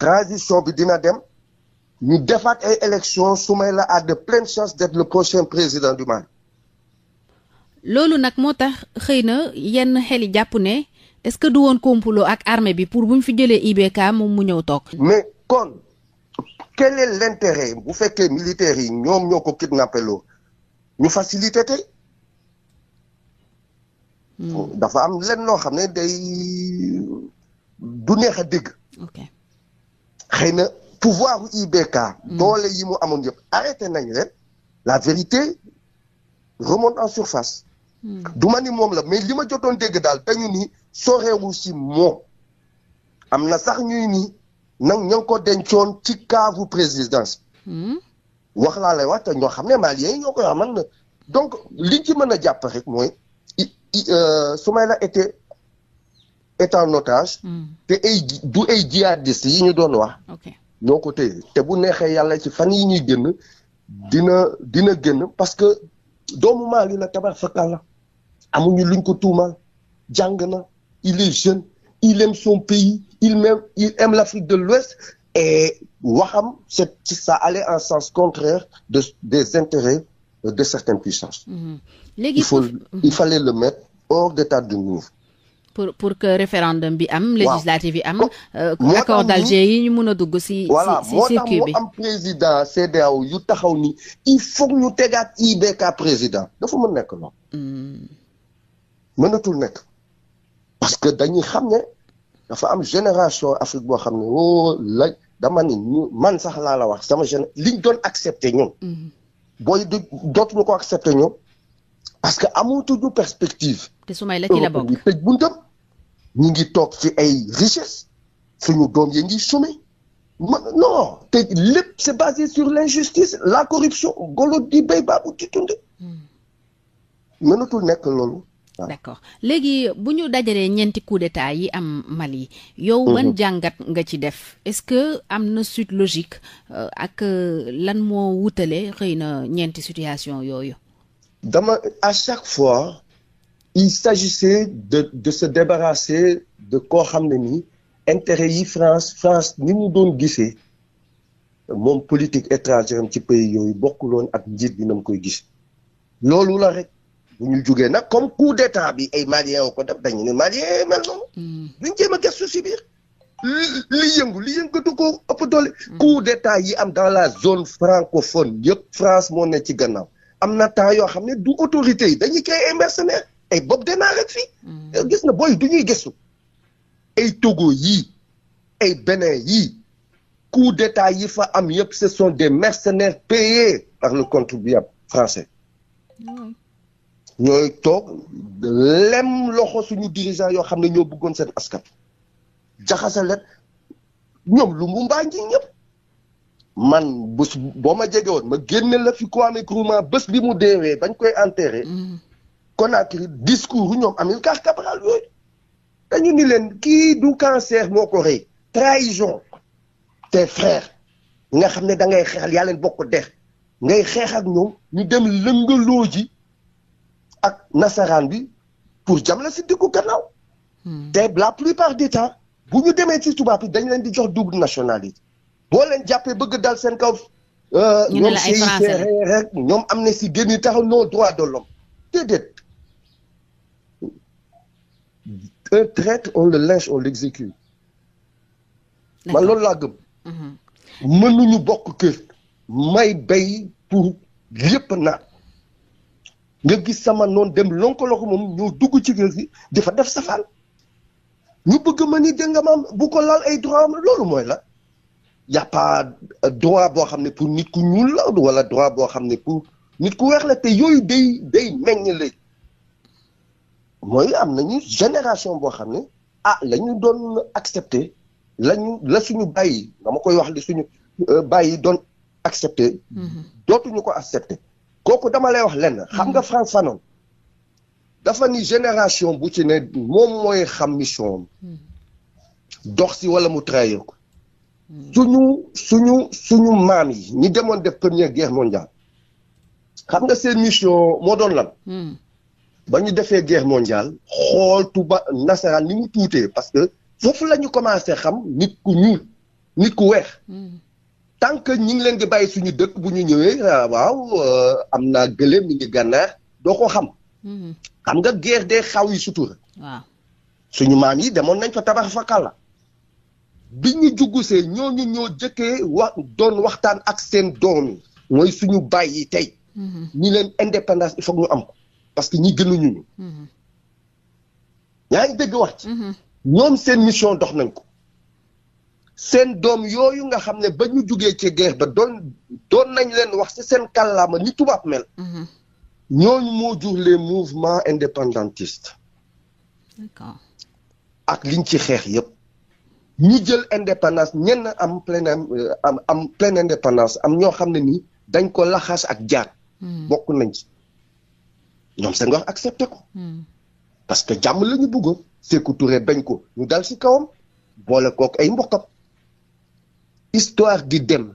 transition bi dina dem ñu defaat ay su may la de pleines chances d'être le prochain président du Mali. loolu nag moo tax xëy na yenn xel yi jàpp ne. est-ce que du woon complot ak armée bi pour bu ñu fi jëlee IBK moom mu ñëw toog. mais kon quel est l'intérêt bu fekkee militaires yi ñoom ñoo ko kidnappé loo ñu facilité tey. Hmm. dafa am lenn loo xam ne day du neex a dégg. ok na pouvoir IBK. Hmm. doole yi mu amoon yëpp arrêté nañ leen la vérité remonte en surface. Hmm. du ma ni moom la mais li ma jotoon dégg daal dañu ni soreewul si moom am na sax ñuy ni nag ña ko dencoon ci kaavu présidence hmm. wax laa lay wax te ñoo xam ne Maliens yi ñoo koy wax man donc liñ ci mën a jàpp rek mooy euh, Soumaïla la est en otage hmm. te ay du yi ñu doon wax ñoo ko te bu neexee yàlla ci fan yi ñuy génn dina dina parce que doomu Mali la tabar fakal la amuñu luñ ko tuumal jàng na il est jeune il aime son pays il même aime l'Afrique de l'Ouest et waxam c'est ça allait en sens contraire de des intérêts de certaines puissances. Mm-hmm. il fallait le mettre hors d'état de pour pour que référendum bi am. législative yi am. Oh, euh, accord d'Alger yi ñu mun a dugg si. si circuit bi voilà moo tax mu am président CEDEAO yu taxaw ni il faut ñu tegaat IBK président dafa mën nekk noonu. Hmm. mënatul nekk parce que dañuy xam ne dafa am génération Afrique boo xam ne woo oh, la dama man sax laa la wax sama jeune liñ doon accepté ñun. Hmm. booy di dootuñu ko accepté ñun parce que amatuñu perspective. te su may la ci la bokk tëj buntam. ñi ngi toog fi ay richesse suñu doom yi ngi chômer man non te lépp c'est basé sur l'injustice la corruption golo di béy baabu ci tund mënatul nekk loolu d'accord léegi bu ñu dajalee ñeenti coup d'état yi am Mali yow mhm. ban jàngat nga ci def est-ce que am na suite logique euh, ak euh, lan moo wutale xëy na ñeenti situation yooyu dama à chaque fois il s'agissait de de se débarrasser de koo xam ne nii intérêt yi France France ni mu doon gisee moom politique étrangère am ci pays yooyu bokkuloon ak njiit bi na koy gis loolu la rek bu ñu jugee nag comme coup d'état bi ay Maliens ko def dañu ne Malien mel noonu. Mm. duñ jéem a gëstu si li yëngu li yëngatu ko ëpp doole. Mm. coup d'état yi am dans la zone francophone yëpp France moo ne ci gannaaw am na temps yoo xam ne du autorité yi dañuy créer ay mercenaires. ay bopp démarré fii. Mm-hmm. Eh, gis na booy du ñuy gëstu. ay Togo yi ay Bénin yi coup d'état yi fa am yëpp ce des mercenaires payés par le contribuable français. Mm-hmm. ñooy toog lem loxo suñu dirigeant yoo xam ne ñoo bëggoon seen askan. jaxase leen ñoom lu mu mbaa nji man boo ma jege woon ma génne la fi Kwame Nkrumah bés bi mu deewee bañ koy enterré. Mm-hmm. kon Conakry discours ñoom Amilcar Cabral yooyu dañu ni leen kii du cancer moo kore rey te tes frères nga xam ne da ngay xeexal yaa leen bokk dex ngay xeex ak ñoom ñu dem lëngaloo ji ak nasaraan bi pour jam la si diggu gannaaw hmm. te la plupart du temps bu ñu demee ci tubaab bi dañ leen di jox double nationalité boo leen jàppee bëgg dal seen kaw euh, ñoom CICR rek ñoom am na si génn taxaw non droit de l'homme déedéet un traître on le lynche on l'exécute man loolu laa gëm mhm. mënuñu bokk kër may bay pour yëpp naat nga gis sama noon dem lonkaloo ko moom ñoo dugg ci kër gi dafa def safaan ñu bëgg ma ni dégg nga bu ko laal ay droit am loolu mooy la y a droit boo xam ne pour nit ku ñuul la wala droit boo xam ne pour nit ku weex la te yooyu day day meññ léegi mooy am nañu génération boo xam ne ah la ñu doon accepté lañu la suñu bàyyi dama koy wax li suñu euh, bàyyi doon accepté. Mhm. dootuñu ko accepté. kooku dama lay wax lenn. xam nga mhm. Frantz Fanon dafa ni génération bu ci ne moom mooy xam mission am mhm. dox si wala mu trahir ko. suñu suñu suñu maam yi ñi demoon def première guerre mondiale xam nga seen mission moo doon lan. ba ñu defee guerre mondiale xool tuba nasaraan ni mu tuutee parce que foofu la ñu commencé xam nit ku ñuul nit ku weex hmm. tant que ñi ngi leen di bàyyi suñu dëkk bu ñu ñëwee ah, waaw euh, am naa gëléem mi ngi gànnaar doo ko xam hmm. xam nga guerre des xaw yi sutura suñu maam yi demoon nañ fa tabax fa kàlla bi ñu juggu see ñooñu ñoo jëkkee wax doon waxtaan ak seen doom yi mooy suñu bàyyi tey ñi hmm. leen indépendance il faut ñu am parce que ñi gënuñu ñu. yaa ngi dégg wax ci. Mhm. ñoom seen mission dox nañ ko. seen doom yooyu nga xam ne ba ñu jugee ci guerre ba doon nañ leen wax ci seen kàllaama ni tubaab mel. Mhm. ñooñu moo jur les mouvements indépendantistes. ak liñ ci xeex yépp ñu jël indépendance ñenn am pleine euh, am am pleine indépendance am ñoo xam ne nii dañ ko laxaas ak jaar. Mhm. bokk nañ ci. ñoom Senghor accepté ko. Hmm. parce que jàmm la ñu bëggoon. Sékou Touré ko ñu dal si kawam boole kook ay mbokkam histoire di dem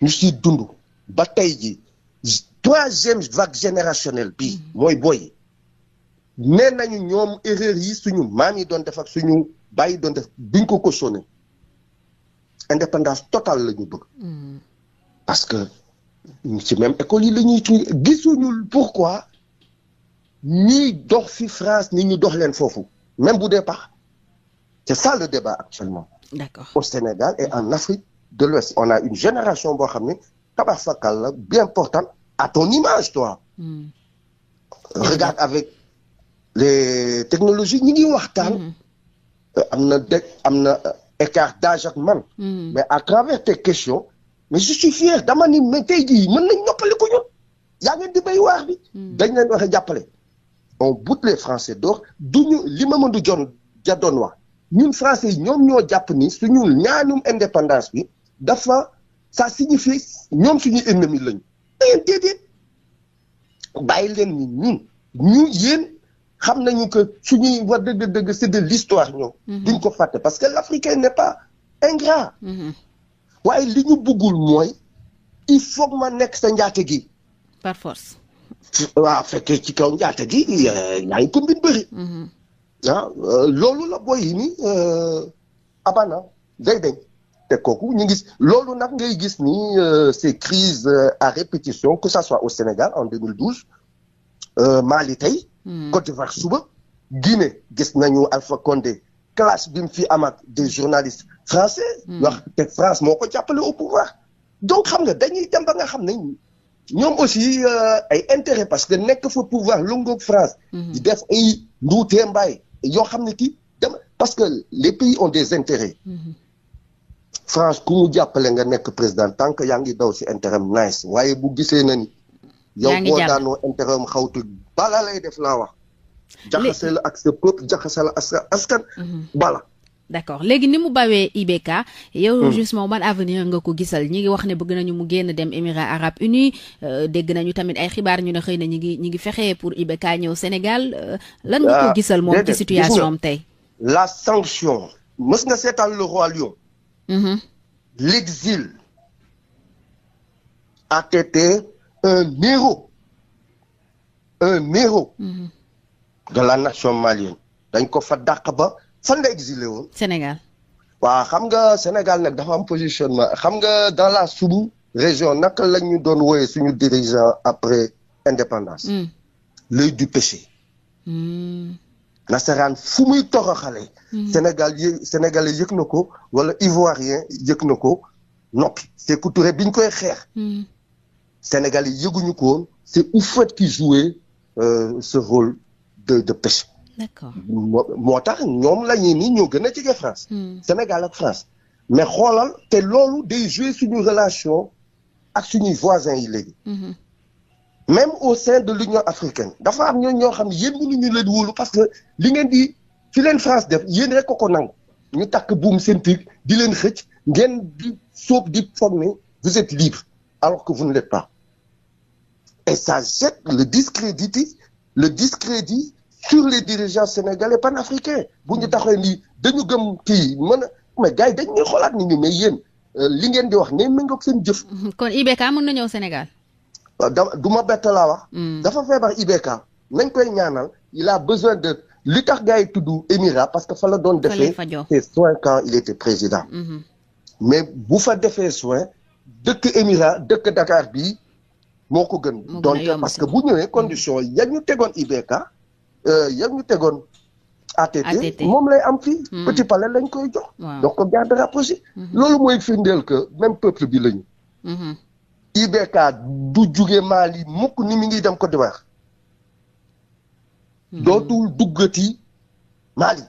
ñu si dund ba tey ji troisième vague générationnel bii. Hmm. mooy booy nee nañu ñoom erreur suñu maam yi doon def suñu bàyyi doon def duñ ko cautionné indépendance totale lañu ñu bëgg. Hmm. ci même école yi la ñuy tuuti gisuñul pourquoi ñuy dox fi France ni ñu dox leen foofu même bu dee pax c'est ça le débat actuellement. d'accord au Sénégal et en Afrique de l'Ouest on a une génération boo xam ne tabax fakal la bien portante à ton image toi. Hmm. regarde avec les technologies ñu ngi wax hmm. euh, am na dé na euh, écart d'âge ak man. Hmm. mais à travers tes questions. mais je suis dama ni mais tey jii mën nañ noppali ko ñun yaa ngeen di béy bi hmm. dañ leen waxe jàppale on bout les français d'or duñu li du Jon ja doon wax ñun français yi ñoom ñoo jàpp ni suñu ñaanum indépendance bi dafa ça signifie ñoom suñuy ennemi lañu dangeen eh, déedéet bàyyi leen ni ñun ñu yéen xam nañu que suñuy war dëgg-dëgg c'est de l'histoire ñoom hmm. duñ ko fàtte parce que l'africain n'est pas ingrat hmm. waaye li ñu bëggul mooy il faut ma nekk sa njaate gi. par force. ci kaw njaate gi yaa ngi ko mbir loolu la booy yi nii euh, abana day dañ. te kooku ñu gis loolu nag ngay gis ni euh, ces crises euh, à répétition que ça soit au Sénégal en 2012 tey. Mm. Côte d'Ivoire suba. Guinée gis nañu Alpha Condé clash bi mu fi am ak des journalistes français. Hmm. wax te France moo ko jàppale au pouvoir. donc xam nga dañuy dem ba nga xam ne ñoom aussi euh, intérêt parce que nekk fa pouvoir lungoog France. Hmm. di def ay nduutee mbaay yoo xam ne kii dem parce que les pays ont des intérêts. Hmm. France ku mu jàppale nga nekk président tant que yaa ngi daw si intérêt nice waaye bu gisee ni. yow boo daanoo intérêt am xawtu bala lay def laa wax. jaxase la ak sa peuple jaxase la ak sa askan. Mhm. d'accord léegi ni mu bawee IBK. yow hmm. justement man avenir nga ko gisal ñi ngi wax ne bëgg nañu mu génn dem Émirats arabes unis euh, dégg nañu tamit ay xibaar ñu ne xëy na ñi ngi ñi ngi fexe pour ibeka ñëw Sénégal euh, lan nga ko ah, gisal moom ci situation am tey la sanction mës nga seetaan lu roi lion mhm. l'exil a été un héros un héros mhm. de la nation malienne dañ ko fa dàq ba fan nga exilé woon. Sénégal. waa xam nga Sénégal nag dafa am positionnement xam nga dans la sous région naka la ñu doon wooyee suñu dirigeant après indépendance. Hmm. l'œil du péché. Hmm. nasaraan fu muy toroxale. Hmm. Sénégal yë na ko wala Ivoirien yëg na ko noppi. Sékou Touré bi koy xeex. Sénégalais yëguñu ko woon c'est Houphouët qui jouait euh, ce rôle. de de pêche. d'accord moo tax ñoom la ñuy nii ñoo gën a jege France. Hmm. Sénégal ak France mais xoolal te loolu day jouer suñu relation ak suñuy voisins yi léegi. Hmm. même au sein de l'Union africaine dafa am ñoo ñoo xam yéen mënuñu leen wóolu parce que li di fi leen France def yéen rek ñu takk buum seen di leen xëcc ngeen di sóob di former vous êtes libre alors que vous ne l'êtes pas et ça jette le discrédit le discrédit sur les dirigeants sénégalais panafricains bu ñu taxee nii dañu gëm kii mën a mais gars yi dañ ni ñu mais yéen euh, li ngeen di wax ne méngoog seen jëf. Mm-hmm. kon IBK mën na ñëw Sénégal. Euh, da du ma bett laa wax. Mm. dafa feebar IBK nañ koy ñaanal il a besoin de li tax gars yi tudd Émirats parce que fa la doon defee ses soins quand il était président. Mm-hmm. mais bu fa defee soin dëkk Émirats dëkk Dakar bii moo ko gën. donc parce que bu ñëwee condition ya ñu tegoon Euh, yëg ñu tegoon ATT moom lay am fii hmm. petit palais lañ koy jox donc ko garde rapproché hmm. loolu mooy firndeel que même peuple bi lañu hmm. IBK du jóge Mali mukk ni mi ngi dem Côte d'Ivoire dootul duggati Mali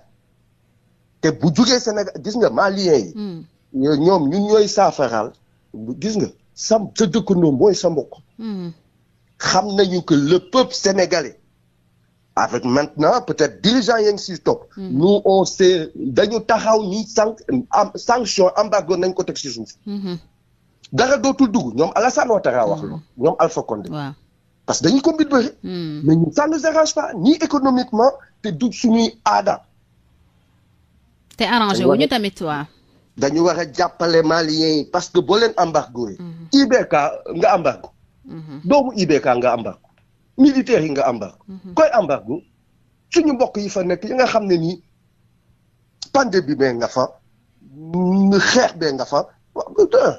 te bu jugee Sénégal gis nga Maliens yi ñoom ñun ñooy saafaraal gis nga sam sa dëkkandoo mooy sa mbokk xam nañu que le peuple sénégalais avec maintenant peut-être dirigeants yi ngi si topp. Hmm. nous on sait dañu taxaw ni sanction embargo nañ ko teg si suuf. Hmm, hmm. dara dootul dugg ñoom Alassane Ouattara wax loolu ñoom Alpha Condé. parce que dañuy ko mbir bëri. mais ñun ça nous ni économiquement te du suñuy aada. te arrangé wu ñu tamit waaw. dañu war jàppale maliens parce que boo leen embargo yi. IBK nga nga embargo. militaires yi nga embargo mhm. koy embargo suñu bokk yi fa nekk yi nga xam ne nii pandémie bee nga fa xeex bee nga fa waaw putain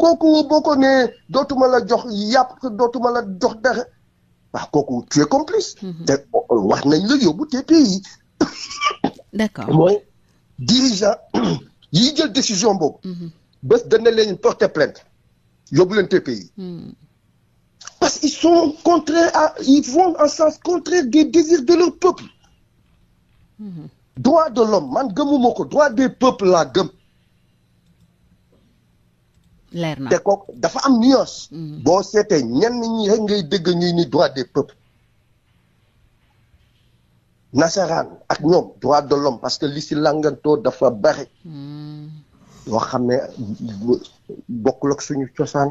kooku boo ko nee dootuma la jox yàpp dootuma la jox dara waaw kooku tu es complice mhm. te wax nañ la yóbbu te pays d'accord mooy dirigeant yi jël décision boobu mhm. bés dana leen porter plainte yóbbu leen TPI Parce qu'ils sont contraires à, ils vont en sens contraire des désirs de leur peuple. Mmh. de l'homme man gëmuma ko droit des peuples laa gëm. te ko dafa am nuance. Mm-hmm. boo seetee ñenn ñi rek ngay dégg ñuy ni droit des peuples. nasaraan ak ñoom droit de l'homme parce que li si làngantoo dafa bari. Mm-hmm. yoo xam ne bokkul ak cosaan.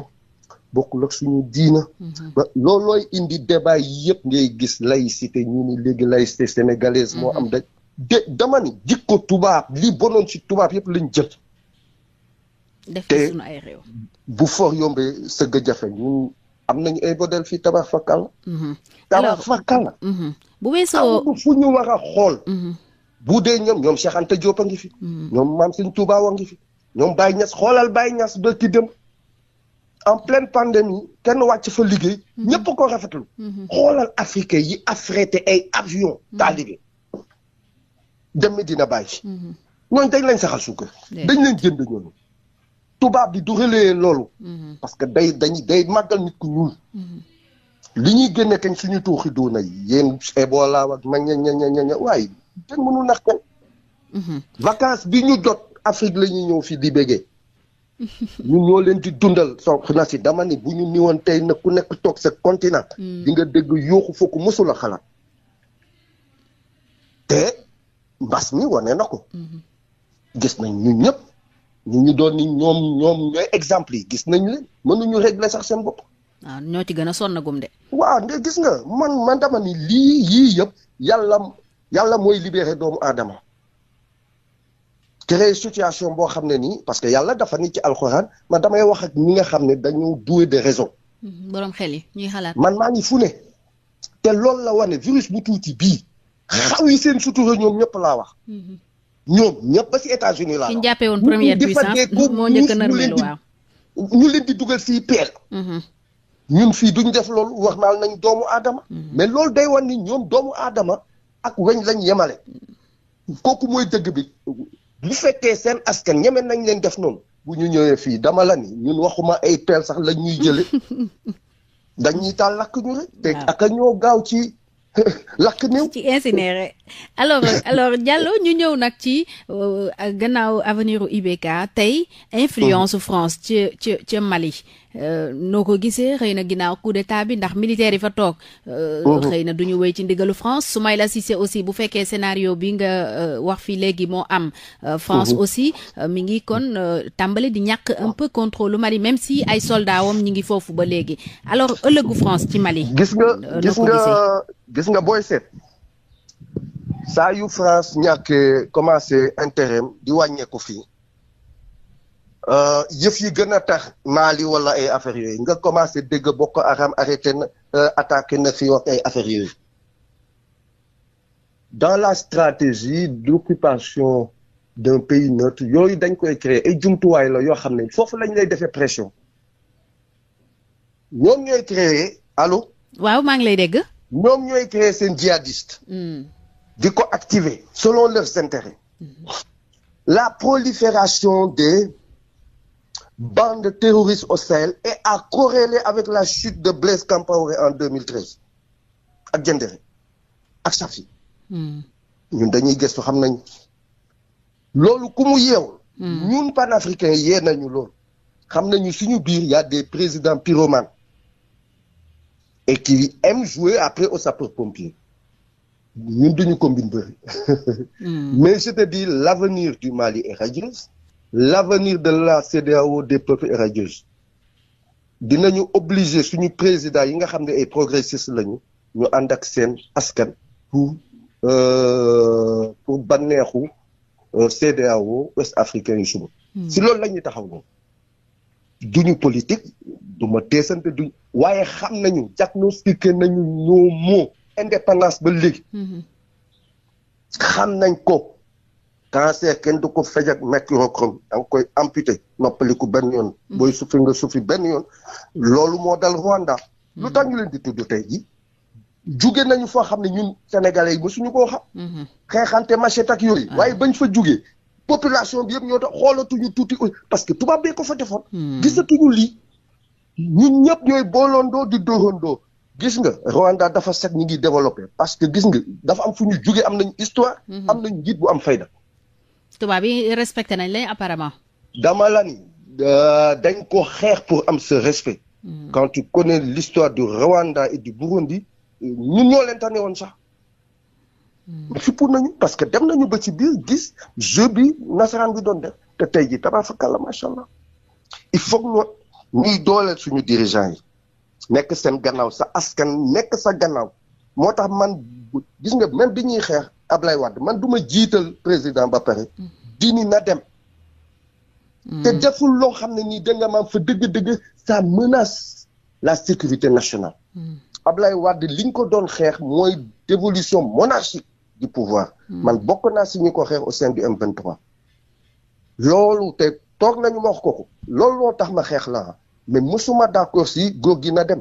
bokkul ak suñu diina. Mhm. ba loolooy indi débat yëpp ngay gis laïcité ñu ni léegi laïcité sénégalaise moo am mhm. da de dama ni jikko tubaab li bonoon si tubaab yëpp lañ jël. def ay réew bu for yombee sëg a jafe ñun am nañu ay modèle fii tabax fakkal. fa mhm. fakkal. bu weesoo fu ñu war xool. bu dee ñoom ñoom Cheikh Anta Diop a ngi fi. ñoom maam Sëñ Tuubaa a ngi fi. ñoom Baye Niass xoolal Baye Niass ba ki en pleine pandémie kenn wàcc fa liggéey. Mhm. ñëpp ko rafetlu. Mhm. xoolal africain yi affrété ay avion mhm. taalibe dem Medina Baye. ñooñu dañ leen saxal suukar. dañ leen jënd ñooñu. tubaab bi du relayer loolu. parce que day dañ day màggal nit ku ñuul. li ñuy génne kañ suñu tuuxi doona yéen Ebola ak ma ña ña ña ña waaye kenn mënu nax ko. vacances bi ñu jot Afrique la ñëw fii di béggee. ñun ñoo leen di dundal soxna si dama ni bu ñu niwoon tey na ku nekk toog sa continent. Hmm. di nga dégg yuuxu fokk mosula xalaat. te mbas mi wane na ko. Hmm. gis nañ ñun ñëpp ñu ñu doon ni ñoom ñoom ñooy exemple yi gis nañ leen mënuñu régler sax seen bopp. waaw ñoo ci gën a sonn gum de. waaw nde gis nga man man dama ni lii yii yëpp yàlla yàlla mooy libéré doomu aadama. créer situation boo xam ne nii parce que yàlla dafa ni ci alxuraan man damay wax ak ñi nga xam ne dañoo doué de raison. Mm-hmm. borom xel yi ñuy xalaat. man maa ngi fu ne te loolu la wane virus bu tuuti bii xaw yi seen sutura ñoom ñëpp laa wax. Mm-hmm. ñoom ñëpp ba si États-Unis laa wax. ñu jàppee ñu leen di dugal fii peel. Mm-hmm. ñun fii duñ def lool wax naal nañ doomu aadama. mais loolu day wan ni ñoom doomu aadama ak weñ lañ yemale. kooku mooy dëgg bi bu fekkee seen askan ñeme nañ leen def noonu bu ñu ñëwee fii dama ni ñun waxuma ay peel sax lañ ñuy jële <laughs> dañuy taal lakk ñu rek te ah. ak ñoo gaaw ci <laughs> lakk néew ci incinéré <laughs> alors alors Diallo ñu ñëw nag ci euh, gannaaw avenir u IBK tey influence mhm. France ca ca ca Mali euh, noo ko gisee xëy na ginnaaw coup d'état bi ndax militaire yi fa toog euh, mhm. xëy na du ñu wéy ci ndigalu France su Soumaïla Cissé aussi bu fekkee scénario bi nga wax fii léegi moo am France mhm. aussi mi ngi kon tàmbali di ñàkk un peu contrôle lu Mali même si ay soldat wam ñi ngi foofu ba léegi alors ëllëgu France ci Mali gis nga gis nga booy seet saa yu France ñàkkee commencé intérim di wàññeeku fii euh, yëf yi gën a tax Mali wala ay affaires yooyu nga commencé dégg Boko Haram arrêté na euh, attaqué na fii wax ay affaires yooyu dans la stratégie d'occupation d'un pays neutre yooyu dañ koy créer ay jumtuwaay la yoo xam ne foofu lañ lay defee pression ñoom ñooy créer allo. waaw maa ngi lay dégg. ñoom ñooy créer seen djihadiste. Hmm. di ko activer selon leurs intérêts mm-hmm. la prolifération des bandes terroristes au Sahel est à corréler avec la chute de Blaise Compaoré en 2013 ak Diendéré ak Safi mm. ñun dañuy gëstu xam nañ loolu ku mu yeewul mm. ñun panafricain yee nañu loolu xam nañu suñu biir y a des présidents pyromanes et qui aiment jouer après au sapeur-pompier ñun duñu combine bëri hmm. mais je te dis l'avenir du Mali est radieux l'avenir de la CEDEAO des peuples est radieux dinañu obligé suñu président yi nga xam ne ay progressistes lañu ñu ànd ak seen askan pour euh, pour neexu euh, CEDEAO ouest africain yu suba hmm. si loolu la taxaw noonu duñu politique du teesante duñu waaye xam nañu diagnostiqué nañu ñoo indépendance ba léegi. Mm-hmm. xam nañ ko. cancer kenn du ko faj ak mercurochrome da nga koy amputé noppaliku benn yoon. Mm-hmm. booy suffi nga suffi benn yoon. loolu moo dal Rwanda. Mm-hmm. lu tax ñu leen di tudd tey ji nañu foo xam ne ñun sénégalais yi mosuñu koo xam. xeexante machette ak yooyu. Ah. waaye bañ fa jugee. population bi yëpp ñoo tax xoolatuñu tuuti parce que tubaab bee ko fa defoon. gisatuñu lii ñun ñëpp ñooy booloon doo di dóorandoo gis nga Rwanda dafa set ñi ngi développé parce que gis nga dafa am fu ñu jugee am nañ histoire. Mhm. am nañ njiit bu am fayda. tubaab yi respecté nañ lay apparemment. dama la euh, dañ ko xeex pour am ce respect. Mhm. quand tu connais l'histoire du Rwanda et du Burundi ñun ñoo leen tane woon sax. Mhm. fippu nañu parce que dem nañu ba ci biir gis jeu bi nasaraan bi doon def te tey jii tabax fa kàlla macha il faut que ñuy dooleel suñu dirigeants yi. nekk seen gannaaw sa askan nekk sa gannaaw moo tax man gis nga même di ñuy xeex Ablaye Wade man duma jiital président ba pare mm-hmm. dini na dem mm-hmm. te deful loo xam ne nii da nga maam fa dëgg-dëgg ça menace la sécurité nationale mm-hmm. Ablaye Wade li ñu ko doon xeex mooy dévolution monarchique du pouvoir man bokk naa si ñu ko xeex au sein du M23 loolu te toog nañu ma wax ko loolu loo tax ma xeex la mais mosuma d'accord si góor gi na dem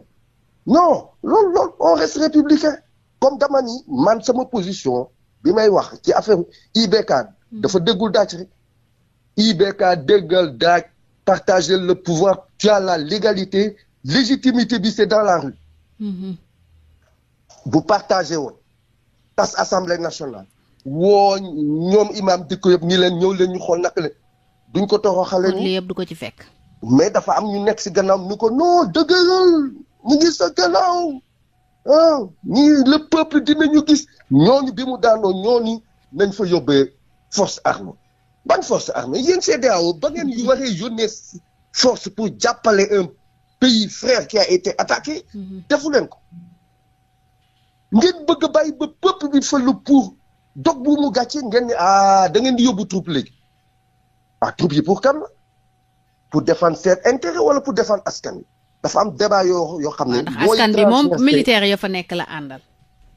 non loolu lool on reste républicain comme dama ni man sama position bi may wax ci affaire IBK dafa déggul daaj rek IBK déggal daaj partager le pouvoir tu as la légalité légitimité bi c'est dans la rue bu mm-hmm. partagé woon tas assemblée nationale woo ñoom imam dëkk yëpp ñi leen ñëw leen ñu xool naka leen duñ ko toxo xale ni yëpp du ko ci fekk mais dafa am ñu nekk si gannaaw ñu ko non dëgëral ñu ngi sa gannaaw ah ñi le peuple dinañu gis ñooñu bi mu daanoo ñooñu nañ fa yóbbee force armée ban force armée yéen CEDEAO ba ngeen yu waree yónnee force pour jàppale un pays frère qui a été attaqué mhm. defu leen ko ngeen bëgg a bàyyi ba peuple bi fële pour dog bu mu gàcce ngeen ne ah da ngeen yóbbu troupe léegi ah troupe yi pour kam pour défendre seen wala pour défendre askan wi dafa am débat yoo yoo xam ne. ndax askan bi moom militaire ya fa nekk la àndal.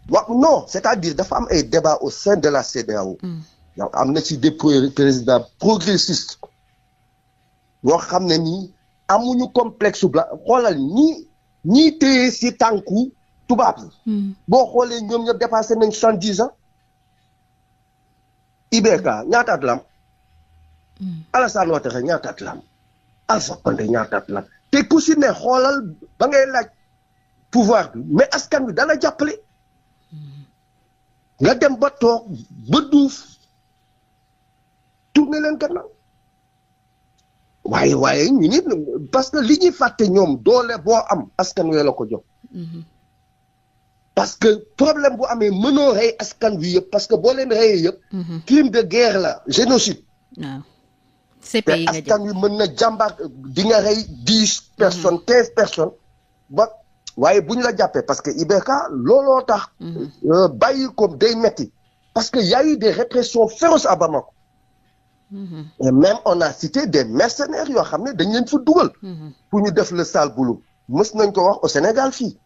waaw non c'est-à-dire dafa am ay débat au sein de la CEDEAO. Mm. donc am na ci des président progressistes ñoo xam ne nii amuñu complexu bla xoolal nii ñii téye si tànku tubaab yi. Mm. boo xoolee ñoom ñoo dépassé nañ soixante dix ans. IBK ñaata at la am. Mm. Alassane Ouattara Alpha Condé ñaata at la te ku si ne xoolal ba ngay laaj pouvoir bi mais askan wi dala jàppale nga dem ba toog ba duuf tourné leen gannaaw waaye waaye ñu parce que li ñuy fàtte ñoom doole boo am askan wi la ko jox mhm. parce que problème bu amee mënoo rey askan wi yëpp parce que boo leen reyee yëpp mhm. crime de guerre la génocide CPI nga jël te mën na jàmbar di nga rey dix mm-hmm. personnes quinze personnes waaye bu ñu la jàppee parce que IBK looloo tax. Mm-hmm. Euh, bàyyi ko day metti parce que y a eu des répressions féroces à Bamako. Mmh. Et même on a cité des mercenaires yoo xam ne dañ leen fa dugal. pour mm-hmm. ñu def le sale boulot. mës nañ ko wax au Sénégal fii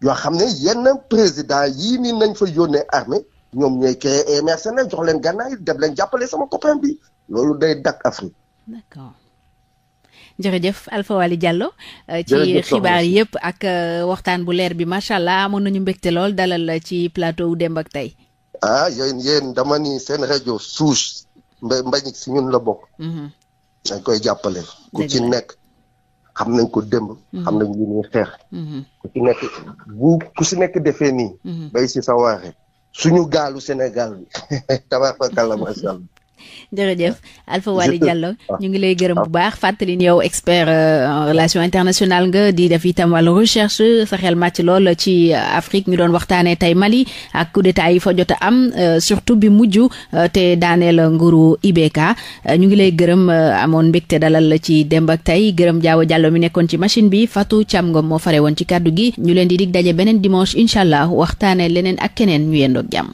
yoo xam ne yenn président yii nii nañ fa yónnee armée ñoom ñooy créé ay jox leen gànnaay def leen jàppale sama copain bi loolu day dakk Afrique. d'accord jërëjëf Alpha Waly eh, ci xibaar yépp ak eh, waxtaan bu leer bi macha allah amoon nañu mbégte lool dalal ci plateau Demb ak Tay. ah yéen yéen dama ni seen rajo suus mba mbañ si ñun la bokk. Mm-hmm. dañ koy jàppale. ku ci nekk xam nañ ko démb. Mm-hmm. xam nañ li ñuy xeex. Mm-hmm. ku ci nekk bu ku si nekk defee nii. bay si sa waaxe suñu gaalu Sénégal bi <laughs> tabaarkalla macha allah. jërëjëf Alpha Wally Diallo ah. ñu ngi lay gërëm bu ah. baax fàttali ni yow expert euh, en relation internationale nga di def itam wàllu recherche sa xel màcc lool ci Afrique ñu doon waxtaanee tey Mali ak coup d'état yi fa jot am euh, surtout bi mujj euh, te daaneel nguuru IBK ñu ngi lay gërëm amoon mbégte dalal ci démb ak tey gërëm Diaw Diallo mi nekkoon ci machine bi Fatou Thiam nga moo fare woon ci kàddu gi ñu leen di dig daje beneen dimanche incha allah waxtaanee leneen ak keneen ñu jàmm